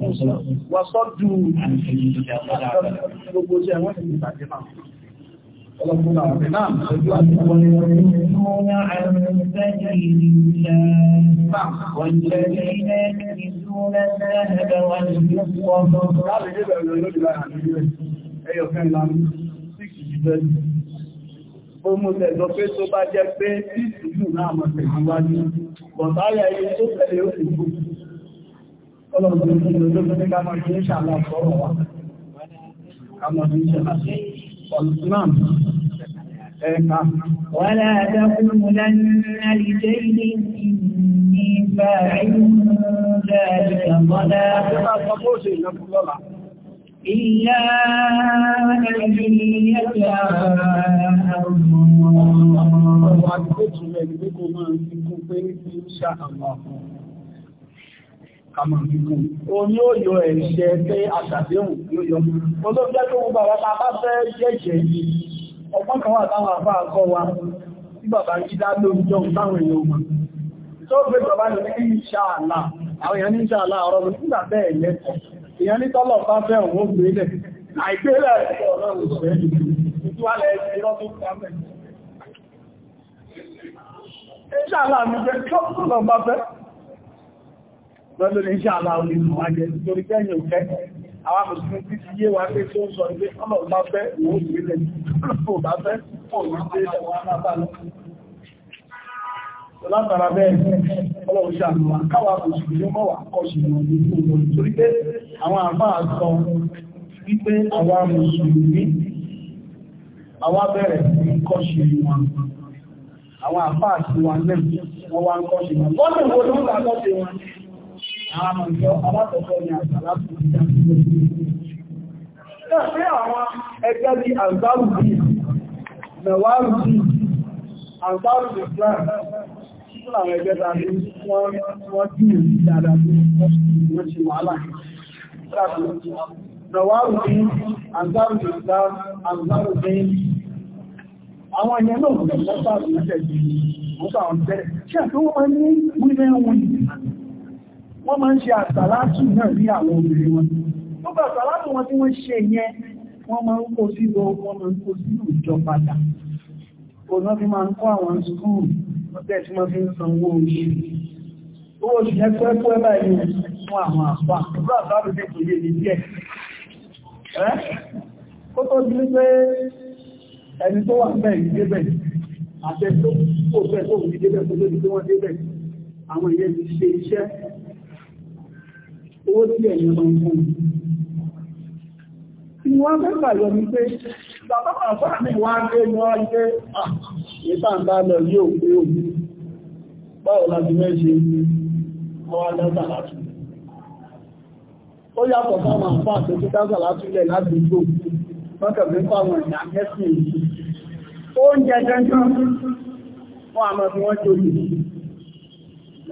wàsọ́dù gbogbo tí àwọn ìlú ìpàdé máa Ọlọ́pùn àwọn ọ̀rẹ́ náà ṣojú àti àwọn ìrìnlẹ́ ọ̀rẹ́ àrùn ìgbẹ́jì ìrìnlẹ́ wọ́n jẹ́ ilẹ̀ ìṣúrẹ́ pé tó bá jẹ́ pé ìsìnkú náà mọ̀ tẹ̀síwájú. Bọ̀tálẹ̀ ilé tó tẹ̀lé ó sì kú. Ọlọ́run ti ní ọjọ́ pé ká máa ṣe ń ṣàlá sọ̀rọ̀ wa. Ká máa ṣe ń ṣàlá ọ̀lùsùnàm. Ẹ̀ka. Wọ́n lè dákúrú lánàá ìṣe ilé ní báyìí dáadé àmọ́dá. Ìyá ẹ̀jìnlẹ̀ yẹ́ Àwọn àgbẹ̀tùlẹ̀ ìgbẹ́kọ̀ọ́ máa ń fi kún pé ní ṣá àwọn àkọ́kọ́ kàmọ̀ nínú o ní ó yọ ẹ̀ṣẹ̀ pé àṣàdéhùn ló yọ o tó jẹ́ tó gbogbo àwọn bá fẹ́ jẹ́jẹ́ yìí ọgbọ́n kan wà táwọn àbá àkọ́ wa tí bàbá ń jídá lóòjọ́ táwọn èèyàn mọ̀ tó gbé bàbá ní ní ìṣàlá àwọn èèyàn ní ìṣàlá ọ̀rọ̀ mi nígbà bẹ́ẹ̀ lẹ́kọ̀ọ́ èèyàn ní tọ́lọ̀ bá fẹ́ òun ó gbé lẹ̀ àìgbélẹ̀ ọ̀rọ̀ òṣèlú ìtúwálẹ̀ ìrọ́ tó kọ́ lọ́dún ní ṣàlá orí ìwájẹ́ torí tẹ́yìn òfẹ́ àwọn mùsùlùmí tí ti yé wa pé tó ń sọ ilé ọmọ ọba fẹ́ òun ìgbélẹ̀ kò bá fẹ́ kò bẹ́ẹ̀ ọlọ́run ṣàlùwà káwa mùsùlùmí mọ́ wà kọ́ sí wọn ní ìlú wọn torí pé àwọn àmà sọ wípé àwa mùsùlùmí àwa bẹ̀rẹ̀ sí kọ́ wọn àwọn àfáà sí wọn lẹ́nu wọn wá ń kọ́ àwọn àjọ alákọ̀ọ́kọ́ ni àtàlápù Ṣé àwọn ẹgbẹ́ bí àgbárùbí, mẹ̀wárùbí, àgbárùbí Islam, ṣíkún àwọn ẹgbẹ́ tàbí wọ́n dìí dáadáa bí wọ́n ṣe wàhálà. Mẹ̀wárùbí, àgbárùbí Islam, àgbárùbí, àwọn ẹ̀yẹ náà wọ́n máa ń ṣe àsàlátù náà rí àwọn obìnrin wọn tó bá àsàlátù wọn tí wọ́n ṣe yẹn wọ́n máa ń kó sí lọ wọ́n máa ń kó sí ìjọ padà ọ̀nà fi máa ń kọ́ àwọn skúù ọ̀tẹ́ tí wọ́n fi ń san owó oṣù owó oṣù yẹn pẹ́ pẹ́ báyìí fún àwọn àpá ọ̀rọ̀ àbábù tí kò yé ní díẹ̀ kó tó di pé ẹni tó wà bẹ́ẹ̀ ní débẹ̀ àtẹ́tò kó fẹ́ tó ní débẹ̀ kó lóbi tó wọ́n débẹ̀ àwọn ìyẹn ti ṣe iṣẹ́ owó tí ẹ̀yìn ọmọ ìfún. Tí wọ́n mẹ́fà yọ ní pé, bàbá bàbá mi wá ń gbé lọ ilé ah, lọ yóò pé òun. wọ́n kẹ̀mí fáwọn wọ́n àmọ́ fi wọ́n jóyè.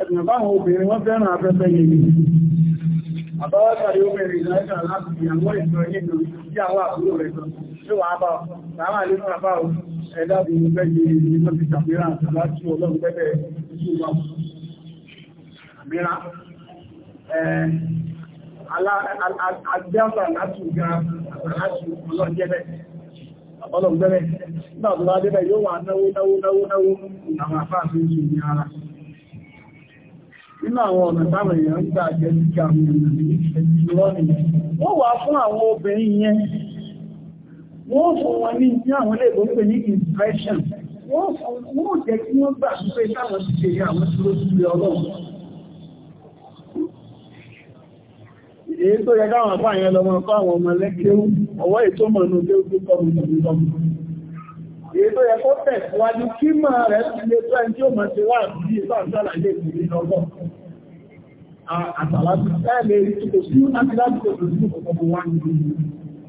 Ẹ̀sìn báwọn obìnrin wọ́n fẹ́ràn afẹ́fẹ́ yẹ̀yẹ̀ àbáwọ́kàrí ó bẹ̀rẹ̀ ìlànà láti ìyàwó ìjọ nínú tí àwọn àbúrò rẹ̀ sọ tí wà bá àwọn àlè fún àbá ẹ̀dá bí i fẹ́ yìí ní tó fi nínú àwọn ọ̀nà táwọn èèyàn ń gbà jẹ́ nígbà lọ́nìí wọ́n wà fún àwọn obìnrin yẹn wọ́n fún wọn ní ní àwọn ilé ìbò ní impression wọ́n jẹ́ kí wọ́n gbà pé táwọn ti ṣe àwọn tí ó ti lè ọlọ́run èyí èyí tó yẹ kó tẹ̀síwájú kí máa rẹ̀ sí ilé tó ẹni tí ó máa ṣe wà ní ìgbà ìṣàlà ilé ìgbìmí lọ́gbọ́n àtàlátì ẹ̀lẹ́ ìtòkò sí láti láti kò sí ọ̀pọ̀pọ̀ wá ní ìlú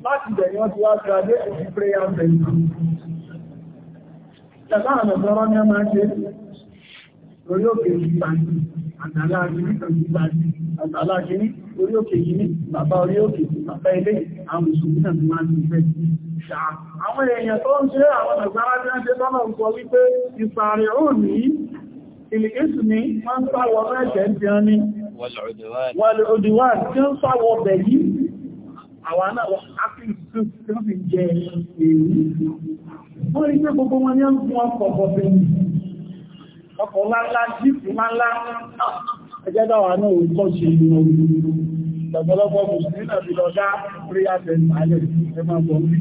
láti bẹ̀ ni wọ́n ti wá gbàdé ẹ̀sì prayer center ṣẹ̀bá àmọ̀ sọ́rọ́ ní ọmọ ṣe lórí òkè ìgbàgbé àtàláàkì ìgbàgbé àtàláàkì orí òkè yìí bàbá orí òkè bàbá ilé àwọn òṣèlú náà ti máa ń gbẹ́ ìṣà àwọn èèyàn tó ń ṣe àwọn nàgbàrá tí wọ́n ṣe tọ́nà sọ wípé ìsàrí ò ní ìlìkìsù ní wọ́n ń sáwọ mẹ́jẹ̀ ń jẹun ní wàlùdíwà tí ń sáwọ bẹ̀ yìí àwọn náà Ìjọba ọgbọ̀n Mùsùlùmí náà ti lọ dá prayer and silence ẹmọ́ ọgbọ̀n mi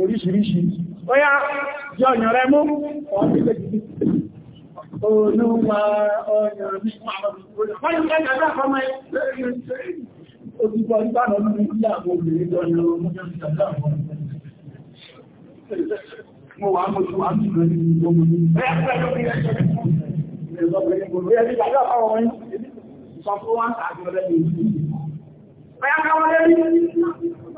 oríṣiríṣi bóyá jẹ́ ọ̀yàn rẹ mú olúwa ọ̀yàn ní Mo wà mọ̀ tó wà ní ọmọ ní ẹgbẹ̀rẹ̀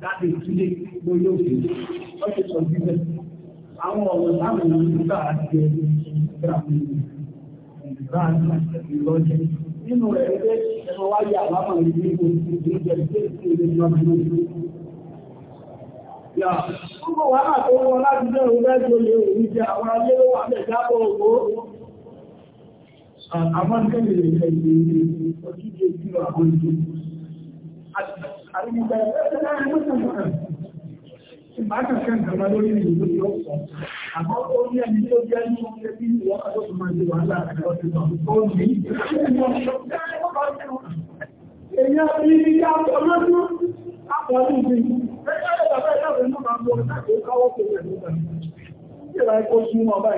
that is ló yóò fi wọ́n sọ jíjẹ àwọn ọ̀rọ̀ láwọn ọ̀rọ̀ àti ẹni ìgbà ìgbà ìlọ́jẹ nínú rẹ̀ pé ẹ̀rọ wáyé àlámà ní gbogbo ìgbẹ́ ìgbẹ́ ìgbẹ́ ìgbẹ́ ìgbẹ́ Gbogbo wàhálà tó wọ́n láti jẹ́ orílẹ̀-èdè olè òní jẹ àwọn alérò wà lẹ̀ jábọ̀ owó. Àwọn akẹ́lẹ̀ ìfẹ̀ ìgbèrè ọdún jẹ́ ìgbèrè àwọn ìgbèrè. Ìbákàṣẹ́ ìjọba lórí ìlú tí ó sọ, àmọ́ ó ní ẹni tó jẹ́ ní ọjọ́ bí ìwọ́n àjọ́sùn máa jẹ wà láàrin ọdún tó ní èyàn bí i yá ọlọ́dún àpọ̀lú ìgbì. Ẹgbẹ́ ìgbàgbẹ́ ìjọba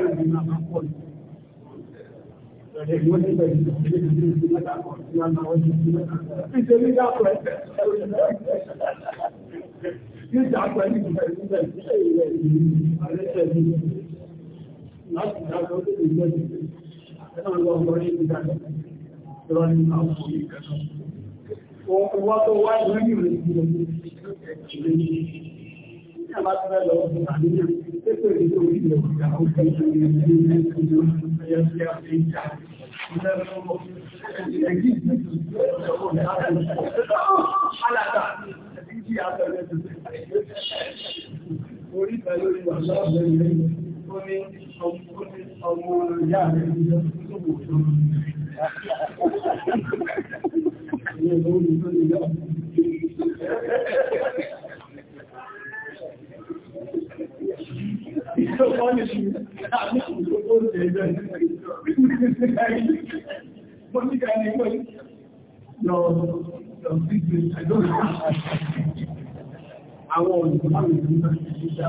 ìlú máa ń bọ̀ Nítorí dápọ̀ ẹ̀fẹ̀ yóò dápọ̀ ẹ̀fẹ̀ ìgbẹ̀ ìgbẹ̀ ìgbẹ̀ ìgbẹ̀ ìgbẹ̀ láti dápọ̀ ó lè gbẹ̀ ìgbẹ̀ ẹ̀nà lọ lórí ìdájọ́ lọ ní àwọn ìgbẹ̀ náà. Wọ́n wá tó wá ìrìn ìrìn ìrìn ìrìn Orí ìtàlórí wà láàrín ẹgbẹ̀rẹ̀ ó ní ọmọ ìyá rẹ̀ ìjọ́ tó wò tó rú. Ìyẹn lórí tó lè yọ́. to punish you. I'm not supposed to that. What do you got anyway? No, no, I don't have àwọn olùgbàmì tó bá ti ṣíṣà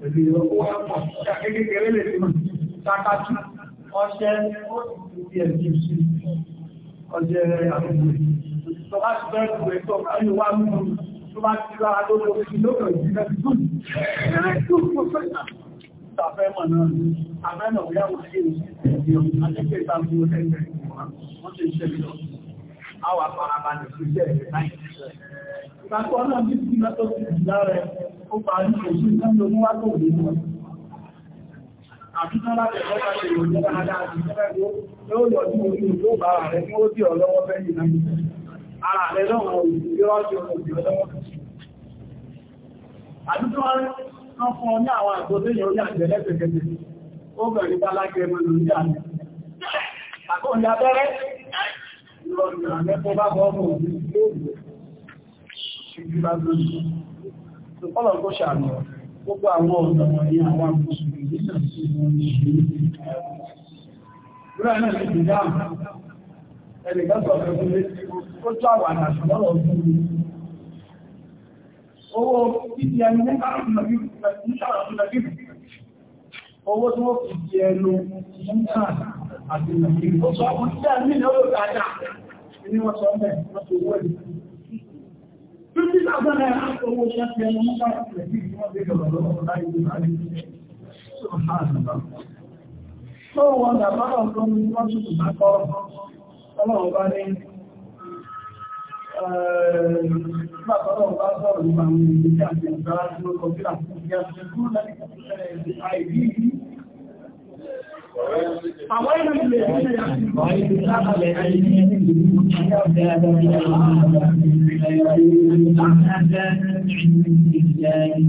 pẹ̀lú ìrọ̀kọ́ wá pọ̀ kékeré lè fi sákàtù ọṣẹ́ ọ̀sẹ̀ ọ̀sẹ̀ àgbègbè tó bá ti bẹ́ẹ̀ tó bá ti lára tó lọ sí lókè ìjìnlẹ̀ tó ní ẹ̀rẹ́ tó kó sẹ́yà tàfẹ́mọ̀ náà ní àmẹ́nà ìyàwó sí ìrìn àjẹ́kẹ́ ìtàbí ẹgbẹ̀rẹ̀ wọ́n ti ṣẹlẹ̀ lọ àwọn àparabalẹ̀ sí jẹ́ ẹ̀rẹ́ láì Ìgbàkọ́ náà bí i lọ́tọ́ sí ìdára ó bá ní òṣìṣẹ́ ìtàbí ọmọ wá tó rí wọn. Àbíkọ́ láti ọ̀pá ṣe ìròyìn dáadáa àti ìfẹ́ ara rẹ̀ lọ́wọ́ ìrọ́jọ́ ìrọ́lọ́wọ́. Àdúgbò wọn fún ní àwọn àgbọ́dé yóò yà jẹ́ ní abẹ́rẹ́, ní àwọn akọ̀ṣùn ìgbésẹ̀ sí wọn ẹnìkan Owó tí wọ́n fi di ẹnu níta àti nàìjíríà. Ó àwọn tí ẹni lọ́rọ̀ dáadáa ní wọ́n sọ mẹ́ wọ́n tó wọ́ ẹ̀. Fífí sábẹ́ náà owó iṣẹ́ ti ẹni níta àti tí wọ́n fi dọ̀rọ̀ lọ́wọ́ láì ọlọ́run bá ní Ìgbàtọ́lọ́run فويل للذين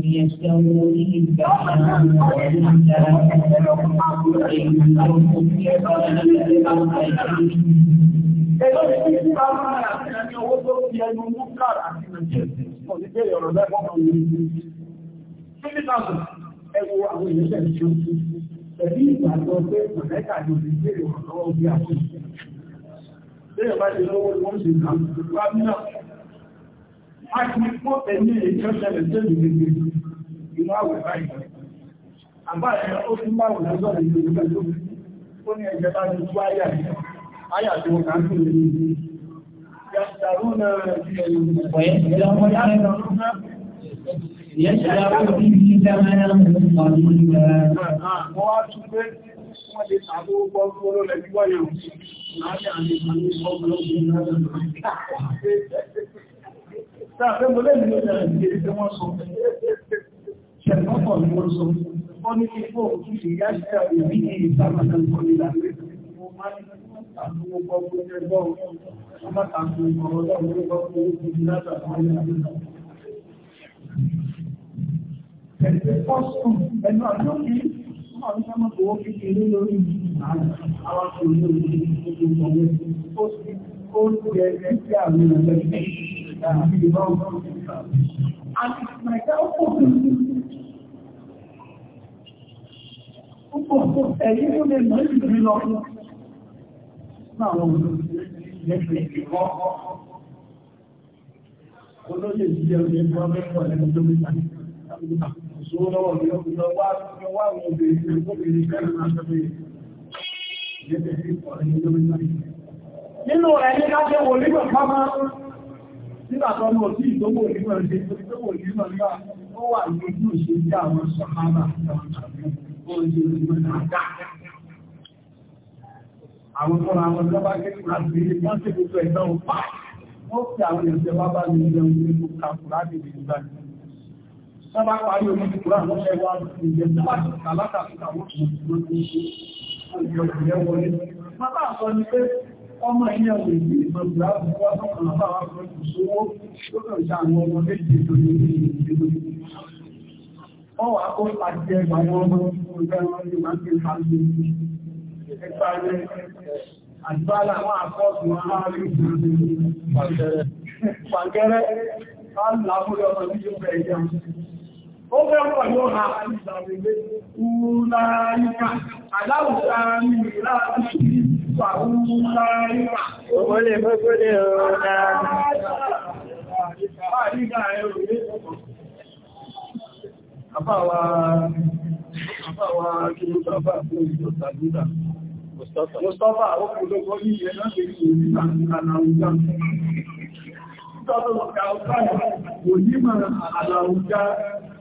يستوون Ẹgbẹ́ ìpínlẹ̀ àwọn àti ẹni owó tó fi ẹnu mú káàrà àti Nàìjíríà, ọ̀dẹ́gbẹ́ ìrọ̀lẹ́gbọ́n ọ̀rọ̀ ìlú. 50,000 ẹgbẹ́ àwọn ìrẹsẹ̀ ìṣẹ́ Ẹ̀bí ìgbàgbọ́ pé mọ̀lẹ́kà ni òní bèèrè wọn lọ́wọ́ bí àkóso. Bẹ́ẹ̀ bá ti lọ́wọ́ wọ́n ṣe nà wá náà. ti kó ẹ̀mí ìjọ ṣẹlẹ̀ sẹ́lẹ̀ Yẹ́ṣàrá bí i dámẹ́rẹ́ ọ̀rọ̀ ìgbà. Wọ́n wá tún pé wọ́n lè tàbí ó gbọ́ fóró lẹ́gbọ́ yẹn. Láàrín àmì ìgbàmí ìgbọ́gbọ́gbọ́ Tàbí mo lẹ́yìn ló dára ìgbèrè tí wọ́n sọ. Ṣẹ̀lọ́pọ̀ ni wọ́n sọ. Wọ́n ní kí fóò kí ìyá ṣe àwọn ìbí ní ìsámàtà ìkọlẹ̀ ìlànà. Mo máa ń tàbí ó gbọ́ fóró lẹ́gbọ́ pẹ̀lú pọ́sùn pẹ̀lú ọdún kí wọ́n ń sọ́mọ́ owó kékeré lórí àwọn akọ̀wé òní ìgbòho ó sì ó jẹ ẹgbẹ́ sí àwọn ìrọ̀lẹ́ àti ìrọ̀lẹ́ àti ìgbàgbá ó pọ̀ púpọ̀ ẹ̀yí ló lè mọ̀ ìgbìmí lọ náà wọn lẹ́gbẹ̀ẹ́ ìkọ́ olóyè ìjẹ́ orí ẹgbẹ́ ọmọ ẹgbẹ́ ọmọ ẹgbẹ́ ọmọ ẹgbẹ́ ìṣòro nínú rẹ̀ ní wò nígbà pápá nígbà tó mọ̀ sí ìdógbò nígbà ṣe ìdógbò nígbà nígbà ó wà ní ojú ìṣe tí àwọn sọ̀hábà àwọn tó ra wọn lọ́bá kékeré àti ilé wọ́n bá mi wọ́n bá parí omi ìkúrà wọ́n ṣe wá ìgbẹ̀ tó bá ti kà látàkùkà wọ́n ti wọ́n ti ṣe ìjọ ìyẹ́ wọlé. Bàbá sọ ni pé ọmọ ìyẹ́ wò ní ìgbẹ̀gbẹ̀ àbúkọ́ ọmọ bá wà fún ìṣòwò tó kàn ṣe àwọn ọmọ méjì tó ní ìlú. Wọ́n wà kó pàṣẹ àwọn ọmọ ìgbẹ̀ wọn ni wọ́n ti pa ní ìpàdé àgbàlá àwọn àkọ́sùn aláàrí ìgbẹ̀rẹ̀. Pàǹkẹ́rẹ́ ó fẹ́ pọ̀ ní ọ̀nà àìsàrẹ̀lẹ́ ìrúláríkà aláwùsá ní ìlàáṣì ìfàúnláríkà òmọ́lẹ̀ mọ́gbọ́lẹ̀ ọ̀nà àríkà ẹ̀rọ àbáwà àbáwà kí ló sábà fún ìjọ tàbídà Mustapha ó kò lọ́gbọ́ ní ìyẹn náà ṣe kí ìrìnà àlàújá. Mustapha ọ̀gá ọ̀gá ìwò ní mọ̀ àlàújá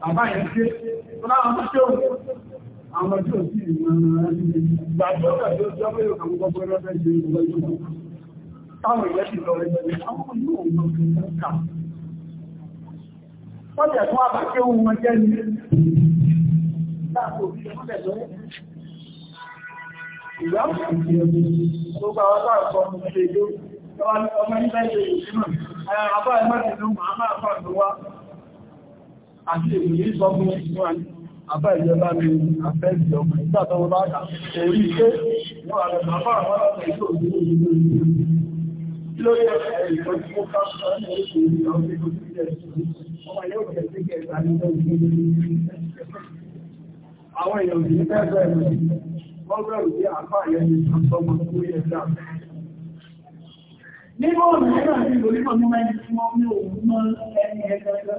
bàbá yẹn ṣe láwọn tó ṣe òun àwọn tí ò sí ìgbàgbọ́ tàbí ó jọ́ pé òkà gbogbo ẹlọ́fẹ́ ṣe ìgbàgbọ́ ìjọba táwọn ìyẹ́ sì lọ ẹgbẹ̀rẹ̀ àwọn yóò lọ sí ìgbàgbọ́ wọ́n jẹ̀ fún àbákẹ́ ohun wọn jẹ́ ní láàpò ìgbàgbọ́ ìgbàgbọ́ ìgbàgbọ́ ìgbàgbọ́ ìgbàgbọ́ àti ìròyìn sọ fún ìwọ̀n àti àbá ìjọba ní afẹ́ ìjọba ìgbà bá kà orí pé wọ́n àrẹ̀ bàbá àwọn ọ̀pọ̀ ìjọ àpá àyẹ̀ ní ní ìlú nípa mímọ́ ẹni tí wọ́n ní òun mọ́ ẹni ẹgbẹ́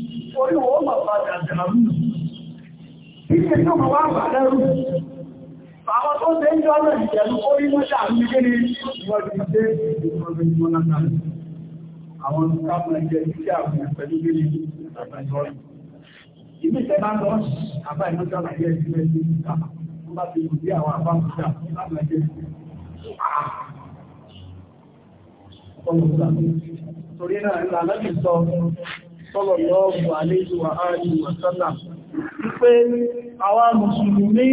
orí wọ́n mọ̀ padà dàrú ilé tó mọ̀ wá bà lẹ́rù àwọn tó tẹ́ ń jọ náà ìjẹ̀lú orí mọ́ sàmì kí ni wọ́n ti àwọn káàmù ẹgbẹ́ iṣẹ́ àwọn ah! ìpẹ̀lú gírí sọ́lọ̀ lọ́ọ̀bù àlejò àárí wàsánà wípé àwọn mùsùlùmí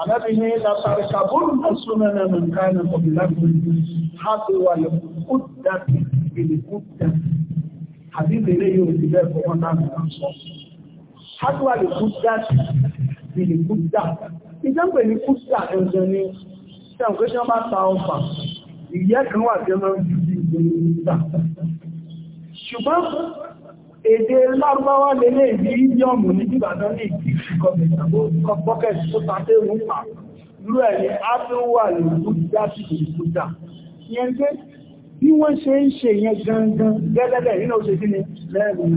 àlẹ́bí ní látàrí kàbùrù ọ̀sùnmẹ́rẹ̀ mẹ́kánà ìjọ́pẹ̀ ní kúta ẹ̀jẹ̀ ni ṣẹ́ǹkẹ́ ṣe bá ta ọfà ìyẹ́ kan wà jẹ́ mọ́ ìgbìyànjú ìgbìyànjú ìgbìyànjú èdè lárúbáwá lélẹ̀ ìdí ìdíọ̀mù ní ìbàdàn ní ìkọ̀pọ̀kẹ̀sì tó tàbí ìwọ̀n pa lú ẹ̀rí ápẹ́wà lòlú dásìkò ìkúta yẹn pé bí wọ́n ṣe ń ṣe yẹn gangan gẹ́gẹ́gẹ́ nínú oṣù kí ni lẹ́ẹ̀rùn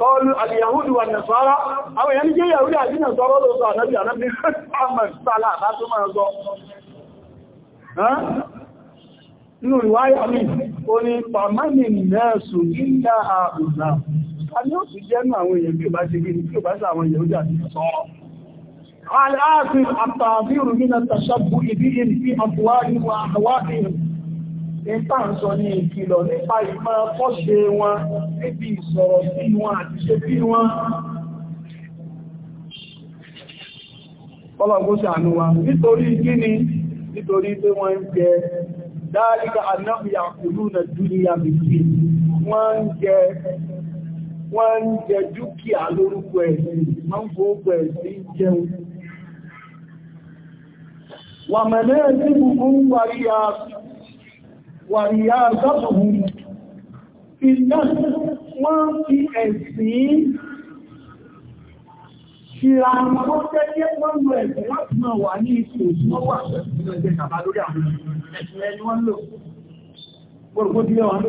kọlu al-yahudu wa nasara àwọn èèyàn jẹ́ yahudi àti nasara ló sọ ànábì ànábì ahmed salah látúmọ̀ sọ nínú ìwáyà mi ó ní pàmánì nẹ́ẹ̀sù nílá àbùdá a ní ó sì jẹ́nu àwọn èèyàn bí ò bá ṣe gíní tí ò bá sí àwọn èèyàn ó jà sí sọ aláàfin àtàbírù nínú tàṣàbù ìdí ìrìbí àbúwárí wa àwárí nípa ń sọ ní ìkìlọ̀ nípa ìmọ̀ fọ́ṣe wọn níbi ìsọ̀rọ̀ sí wọn àti ṣe bí wọn ọlọ́gbọ́sàánú wa nítorí gíní nítorí pé wọ́n ń jẹ dáríkà anáfíà kùlú na dúníyà bìbí wọ́n ń jẹ dúkìá lórúkọ ẹ̀sìn wọ́n ń fòókọ ẹ̀sìn jẹun wà mẹ́lẹ́ sí gbogbo wàríyá sọ́tùn Ìjọ́ wọ́n fi ẹ̀sìn ìṣíra ó tẹ́ jẹ́ wọ́n lọ ẹ̀sẹ̀ láti máa wà ní ipò òṣìṣẹ́ wà nínú ẹgbẹ́ ìjàmbá lórí àwọn ẹ̀sìn ẹni wọ́n lò gbogbo bí wọn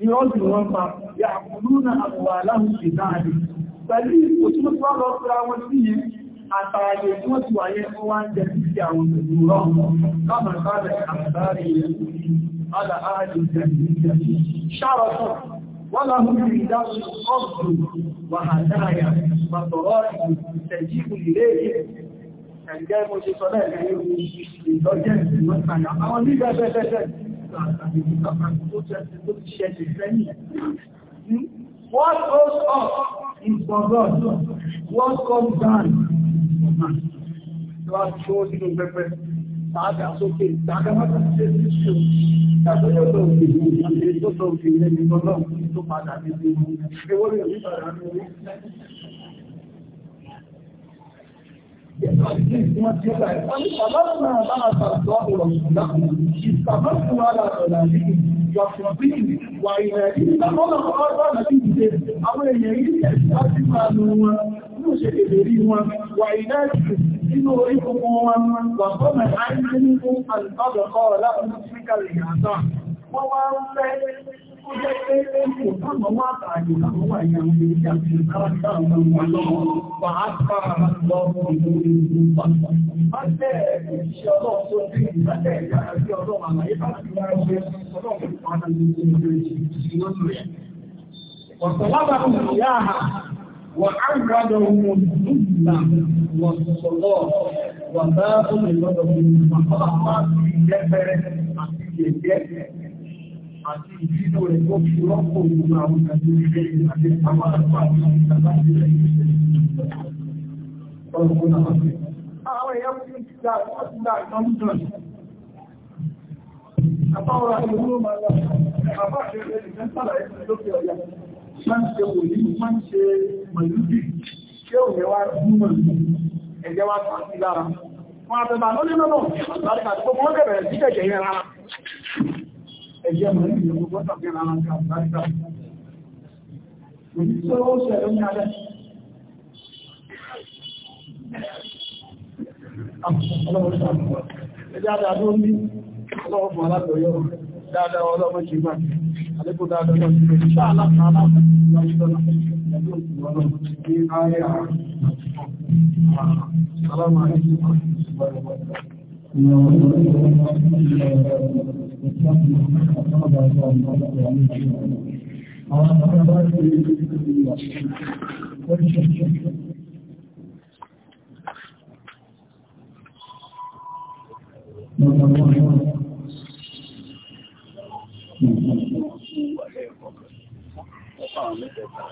ni ó sì wọ́n pa ya àkùnrúnà àwọ̀ aláhùn sí dáadé pẹ̀lú ipò tí wọ́n lọ fúra wọn sí yẹn àtààyè tí wọ́n ti wáyé wọ́n wá ń jẹ sí àwọn òṣèlú rọ̀ kámàkálẹ̀ àbárí ẹ̀kùnrin ولهم في ذلك فضل وهدايا وضرائب تجيب إليه ẹ̀jẹ́ mo ṣe sọ lẹ́ẹ̀kẹ́ ìlọ́jẹ́ ìwọ̀n àwọn nígbà bẹ́ẹ̀bẹ́ẹ̀ What goes up is for God. What comes man. Lọ́wọ́ tí ó sínú tààgà sókè tààgà má tún ṣe sí ṣù tààgà yóò tó òkè ìgbìyànjú tó tó òkè ilẹ̀ nínú ọlọ́run tó padà ní ti mú ewé rẹ̀ ní padà ní orí. فمرنا ní òṣèlédè rí wọn wà ìdájú nínú orí gbogbo wọn wà gómẹ̀ àìsí nínú àlùbọ́dọ̀kọ́ láti síkàlì àtà wọ́n wá ń fẹ́ kó jẹ́ pé èkó táwọn wá tààyè láwọn wà ní àwọn ilé àti ìkáràkà àwọn ọmọ ọlọ́wọ́ wà á fara lọ́wọ́ ìlú ìlú pàtó. Má bẹ́ẹ̀ iṣẹ́ ọlọ́run tó dé ìgbàlẹ̀ ìyára sí ọlọ́run àlàyé bá ti وعرضهم الذل والصلاة وباءوا بغضب وقطع جبل عتيجة àti ìdílò rẹ̀ tó fi rọ́pò gbogbo àwọn ìgbàlódé àti àwọn àgbà àwọn ìgbàlódé ọ̀rọ̀ náà. Àwọn èèyàn ti ń gbà wọ́n ti gbà ìtọ́jú Àbáwọ̀ àti olóòmọ̀ àwọn àbáṣe rẹ̀ ìfẹ́ sàlàyé lókè ọ̀yà máa ń ṣe wòlí máa ń ṣe mọ̀lúbì ṣé òun wá gún mọ̀lúbì ẹ̀jẹ̀ wá sàn sí lára wọn àtẹ̀bà ló lé lọ́nà àtàríkà tó mọ́ bẹ̀rẹ̀ sí ẹ̀jẹ̀ yẹn rárá ẹ̀jẹ̀ mọ̀lúbì yẹn gbọ́dọ̀ tàbí rárá ní àtàríkà òní tó ó ṣẹlẹ̀ ní alẹ́ Ẹjá dáadọ́ ní ọlọ́wọ́ fún alágbòyọ́, dáadáa ọlọ́wọ́ ṣe gbáyé. àlékún dáadáa lọ sí ojú ṣáàlá àlá Thank you. Thank you. àwọn mẹ́tẹ̀ẹ̀ta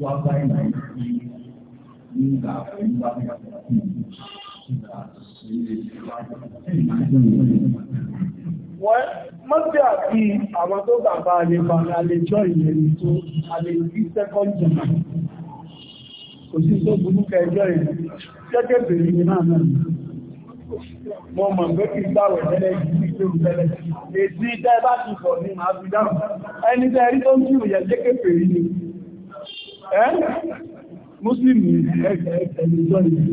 Wọ́n bá ìrìn àti nígbà pẹ̀lú bá bí i àti àti ìgbà àti Wọ́n mọ́sí àti àwọn tó bàbá àlebà àlejọ́ ìlẹ̀rí tó àlejì sẹ́kọ́ndì. Kò sí tó burúkẹ ẹjọ́ ìlú, jẹ́gẹ́ bèèrè ní náà náà. Mo mọ̀ pé kí gbàwẹ̀ tẹ́lẹ̀ yìí tó tẹ́lẹ̀. Èsì tẹ́ bá ti bọ̀ ní màá fi dáhùn. Ẹni tẹ́ rí tó ń jù yẹ jẹ́gẹ́ bèèrè ni. Ẹ́ Mùsùlùmí ẹ̀ẹ́dẹ̀ẹ́dẹ̀ ìjọ ìlú.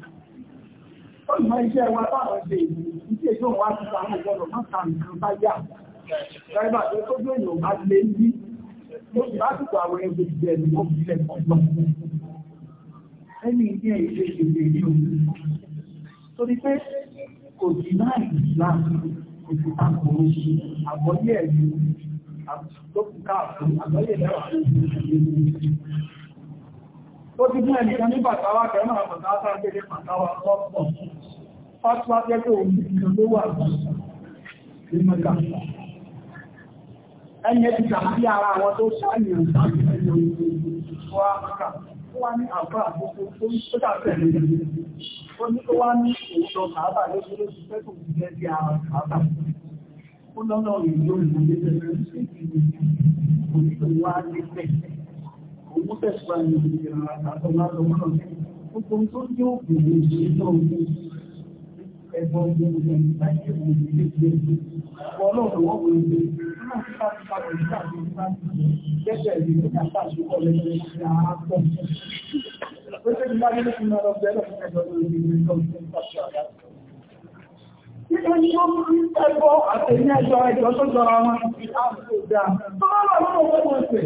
Olùmọ̀ iṣẹ́ wa táwọn ṣe ìlú, iṣẹ́ tó wá ti sàmú ìgbọ́dọ̀ máa ta nǹkan bá yà. Dàìbà tó tó gbé èèyàn bá lé ní, ó sì lásìkò àwọn ẹgbẹ́ ìjẹ́ ni wọ́n fi lẹ̀ pọ̀lọ́. Ẹni ìdí ẹ̀yìn ṣe ìṣẹ̀lẹ̀ ní òun. Torí pé kò sí náà ìlà kò sí àkòrò àgbọ́yé ẹ̀yìn lókùnká àgbọ́yé ẹ̀yà Ó ti fún ẹnìkan ní bàtàwà kẹ́mọ̀ àpàtàwà tàbí pàtàwà lọ́pọ̀ fátúwá tẹ́kọ̀ òmìnirìn Ó lọ́nà ìlú ìlú ìlú ìlú wá ní pẹ̀. Òun tẹ̀síwá ní ìrìnàrà àtọ́lá lọ́wọ́ náà. Gbogbo tó jẹ́ òkú ìṣẹ́ ẹ̀gbọ́n gbogbo ìgbà ìṣẹ̀kùn ìgbésẹ̀ ọlọ́run wọ́n wọ́n gbé náà ti bá ti bá ti bá ti bá ti gẹ́gẹ́ bí i ká bá ti kọ́ lẹ́yìn ìṣẹ́ àápọ̀. Ó ṣe ti bá nílé fún ọ̀rọ̀ bẹ́ẹ̀ lọ́sẹ̀ ẹ̀jọ̀ lórí ìlú ìjọ ìṣẹ́ ìpàṣẹ àdá. Títí ń ẹgbọ́ àtẹ̀yìn ẹjọ́ ẹjọ́ tó jọra wọn, ìlú àti òdà. Tó bá lọ sí ọgbọ́n ọ̀sẹ̀.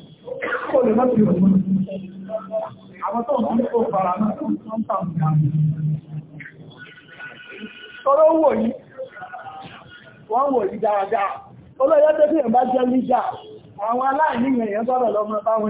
kó lè má fi òun a? yìí wọ́n wò yìí dáadáa olóyè tẹ́tí jẹ́ àwọn aláìní sọ́rọ̀ lọ́mọ táwọn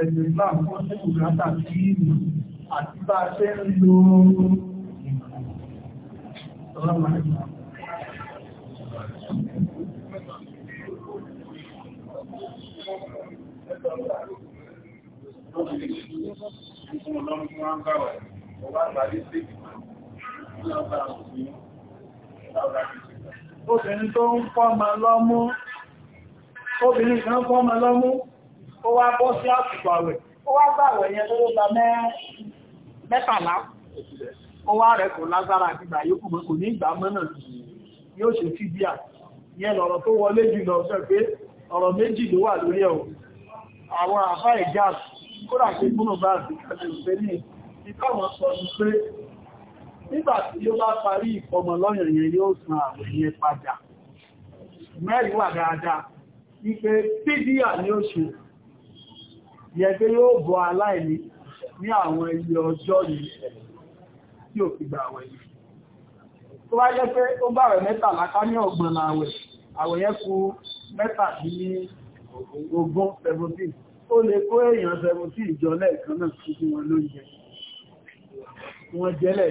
ẹ̀sìn Islam fún ní bùkátà sí ìlú àti bá a ṣe ń lo Obìnrin tó ń fọ́ ma lọ́mú, obìnrin kan fọ́ ma lọ́mú, ó wá bọ́ sí àsìkò ó wá gbà yẹn lórí ọba mẹ́tàlá ó wá rẹ̀ kò lágbára àgbà yóò mọ́ kò ní ìgbà mọ́nà yóò ṣe fi bí à yẹn lọ̀rọ̀ tó wọlé jù lọ sọ pé ọ̀rọ̀ méjì ló wà lórí ẹ̀wọ̀ àwọn àfá ìjà kódà pé gbúnà bá àti ìfẹ́ ní ní pé mẹ́rin wà dáadáa wípé pídíà ni ó ṣe yẹ pé yóò bọ́ aláìní ní àwọn ilé ọjọ́ yìí tí ò fi gbà àwẹ̀ yìí tó wá jẹ́ pé ó bá rẹ̀ mẹ́tàlá ká ní ọgbọ̀n àwẹ̀ àwẹ̀ yẹn kù mẹ́tàdínlógún 17 ó lè kó èèyàn 17 ìjọ lẹ́ẹ̀kan náà sí fún wọn lóúnjẹ wọ́n jẹ́lẹ̀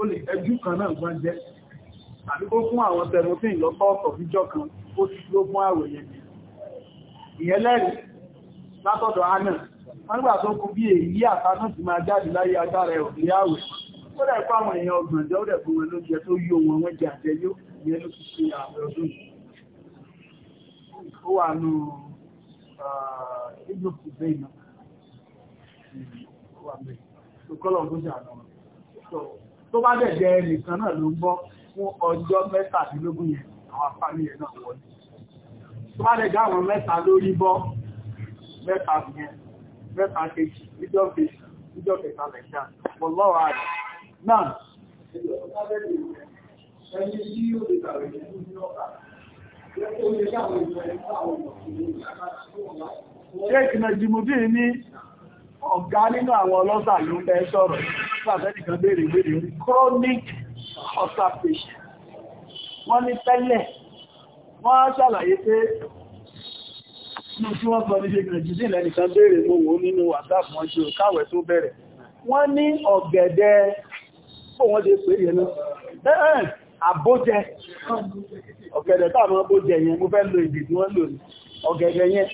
ó lè ẹjú kan náà gbọ́n jẹ́ àbí ó fún àwọn 17 lọ́pọ̀ fíjọ kan ó ti ló fún ìyẹn lẹ́rìí látọ̀dọ̀ àánà wọ́n nígbà tó kú bí èyí àtànà ti máa jáde láyé agbára òkèyàwó ó dẹ̀ pa àwọn èèyàn ọgbọ̀njẹ́ ó dẹ̀ fún wọn lóúnjẹ tó yíò wọn wọ́n jẹ àjẹ yóò yẹ ló ti ṣe àwẹ̀ ọdún ó wà nù ìgbòkù bẹ́ẹ̀nà tó bá dẹ̀ jẹ nìkan náà ló ń bọ́ fún ọjọ́ mẹ́tàdínlógún yẹn àwọn afárí ẹ̀ náà wọlé tó bá dẹ̀ jẹ́ àwọn mẹ́ta lórí bọ́ mẹ́ta yẹn mẹ́ta kejì níjọ́ kejì níjọ́ kẹta nàìjíríà mọ̀ lọ́wọ́ àrẹ náà ẹni tí ó lè bàrẹ̀ nínú ní ọ̀pá ó lè káwọn ìgbẹ̀rẹ̀ fáwọn ọ̀pọ̀ ṣe ìkìnà jìmùdí ní ọ̀gá nínú àwọn ọlọ́sà ló ń bẹ sọ̀rọ̀ pàtẹ́nìkan béèrè ìgbèrè orí chronic ulcer patient wọ́n ní tẹ́lẹ̀ wọ́n ṣàlàyé pé ní tí wọ́n kọ́ ní ṣe gbìyànjú sí ilẹ̀ nìkan bèèrè owó nínú whatsapp wọn ṣe káwẹ̀ tó bẹ̀rẹ̀ wọ́n ní ọ̀gẹ̀dẹ̀ wọ́n dé pé yẹn náà àbójẹ ọ̀gẹ̀dẹ̀ táwọn àbójẹ yẹn mo fẹ́ lo èdè tí wọ́n lò ní ọ̀gẹ̀dẹ̀ yẹn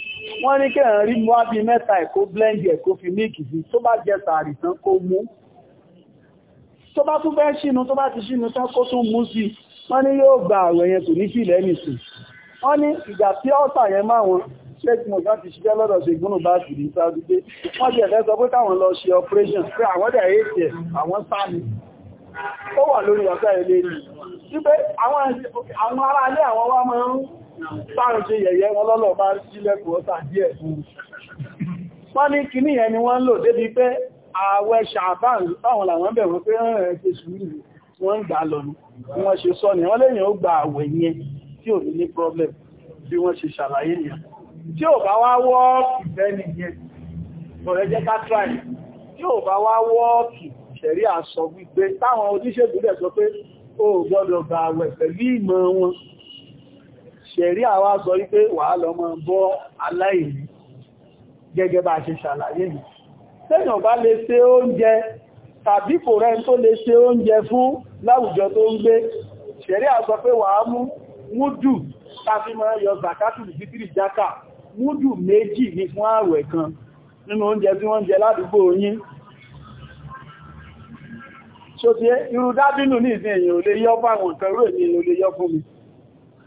wọ́n ní kẹ́ rí mú ábí mẹ́ta ẹ̀kó blend ẹ̀kó fi míìkì sí tó bá jẹ sàárì tán kó mú tó bá tún fẹ́ sínú tó bá ti sínú tán kó tún mú sí wọ́n ní yóò gba àwẹ̀ yẹn kò ní sí ilẹ̀ nìsín wọ́n ní ìgbà tí ọ̀sà yẹn máa wọn ṣẹ́kì mọ̀ láti ṣiṣẹ́ lọ́dọ̀ ṣe gúnnù bá sì rí sáájú pé wọ́n jẹ̀ lẹ́sọ pé káwọn lọ ṣe operation pé àwọn dẹ̀ èèkẹ̀ àwọn sáàmì ó wà lórí ọ̀sẹ̀ ilé rí wípé àwọn ará ilé àwọn wá máa ń sáàrùn ṣe yẹ̀yẹ́ wọn lọ́lọ́ bá sílẹ̀kùn ọ̀sà tí ò ní ní problem bí wọ́n ṣe ṣàlàyé nìyàn tí ò bá wá wọ́ọ̀kì fẹ́ni yẹn bọ̀rẹ̀ jẹ́ kátráì tí ò bá wá wọ́ọ̀kì ṣẹ̀rí àṣọ wípé táwọn oníṣègùnlẹ̀ sọ pé ó gbọ́dọ̀ bá àwẹ̀ pẹ̀lú ìmọ̀ wọn ṣẹ̀rí àwa sọ wípé wàá lọ mọ́ bọ́ aláìní gẹ́gẹ́ bá ṣe ṣàlàyé mi tẹ́yàn bá lè ṣe oúnjẹ tàbí kò rẹ́ tó lè ṣe oúnjẹ fún láwùjọ tó ń gbé ṣẹ̀rí àsọ pé wàá mú múdù tàbí mọ́ yọ zakatù bìtìrì jákà múdù méjì ní fún ààwẹ̀ kan nínú oúnjẹ tí wọ́n jẹ ládùúgbò yín ṣó tí irú dábínú ní ìsìn èyàn ò lè yọ bá àwọn kan rò ní ò lè yọ fún mi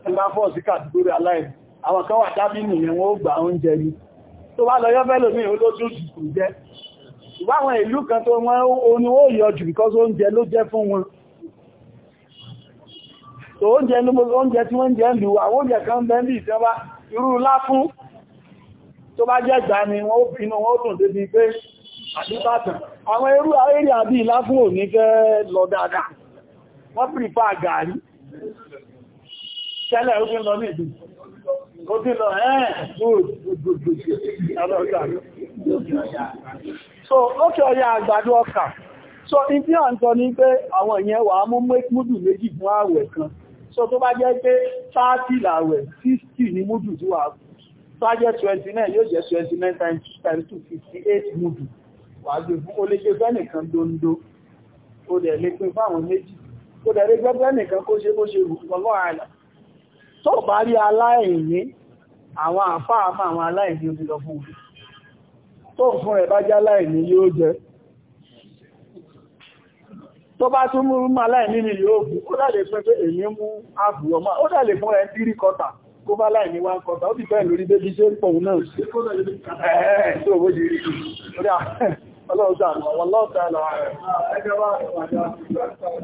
tí bá fọ́ sí kàtìgórí aláìrí àwọn kan wà dábínú yẹn wọ́n ó gbà oúnjẹ ni tó bá lọ yọ bẹ́lò ní olóṣù kù jẹ́ ìbáwọn ìlú kan tó wọ́n oní ó yọ jù because oúnjẹ ló jẹ́ fún wọn tó oúnjẹ tí wọ́n jẹ́ lù àwọn oúnjẹ kan bẹ́ẹ̀ bí ìjọba irú lá fún tó bá jẹ́ ìgbà ni wọ́n inú wọ́n dùn débi pé àdíbàtàn àwọn irú eré àbí ìláfún ò ní fẹ́ lọ dáadáa wọ́n pìrìpá gàárí tẹ́lẹ̀ ó ti lọ ní ìdí ó ti lọ ẹ́ẹ̀ so ókè ọya àgbàdo ọkà so in tí à ń sọ ní pé àwọn ìyẹn wà á mú múdù méjì fún ààwẹ̀ kan so tó bá jẹ́ 60 ni múdù tí Tájẹ́ 29 yóò jẹ́ 29 times 2 58 múdù. Wà gbé fún ó lè ṣe fẹ́ nìkan dondo. Ó dẹ̀ lè pín fáwọn méjì. Ó dẹ̀ lè gbẹ́gbẹ́ nìkan kó ṣe bó ṣe rù ọlọ́ àlà. Tó bá rí aláìní, àwọn àfáà máa àwọn aláìní ó ti lọ fún òun. Tó fún rẹ̀ bá jẹ́ aláìní yóò jẹ. Tó bá tún mú aláìní ni yóò Ó dà lè fún pé èmi mú àbùrọ̀ máa. Ó dà lè fún ẹ̀ ń dírí kọta kó bá láì ní wá ń kọta ó ti lórí bébí ṣe ń pọ̀un náà sí owó jẹ́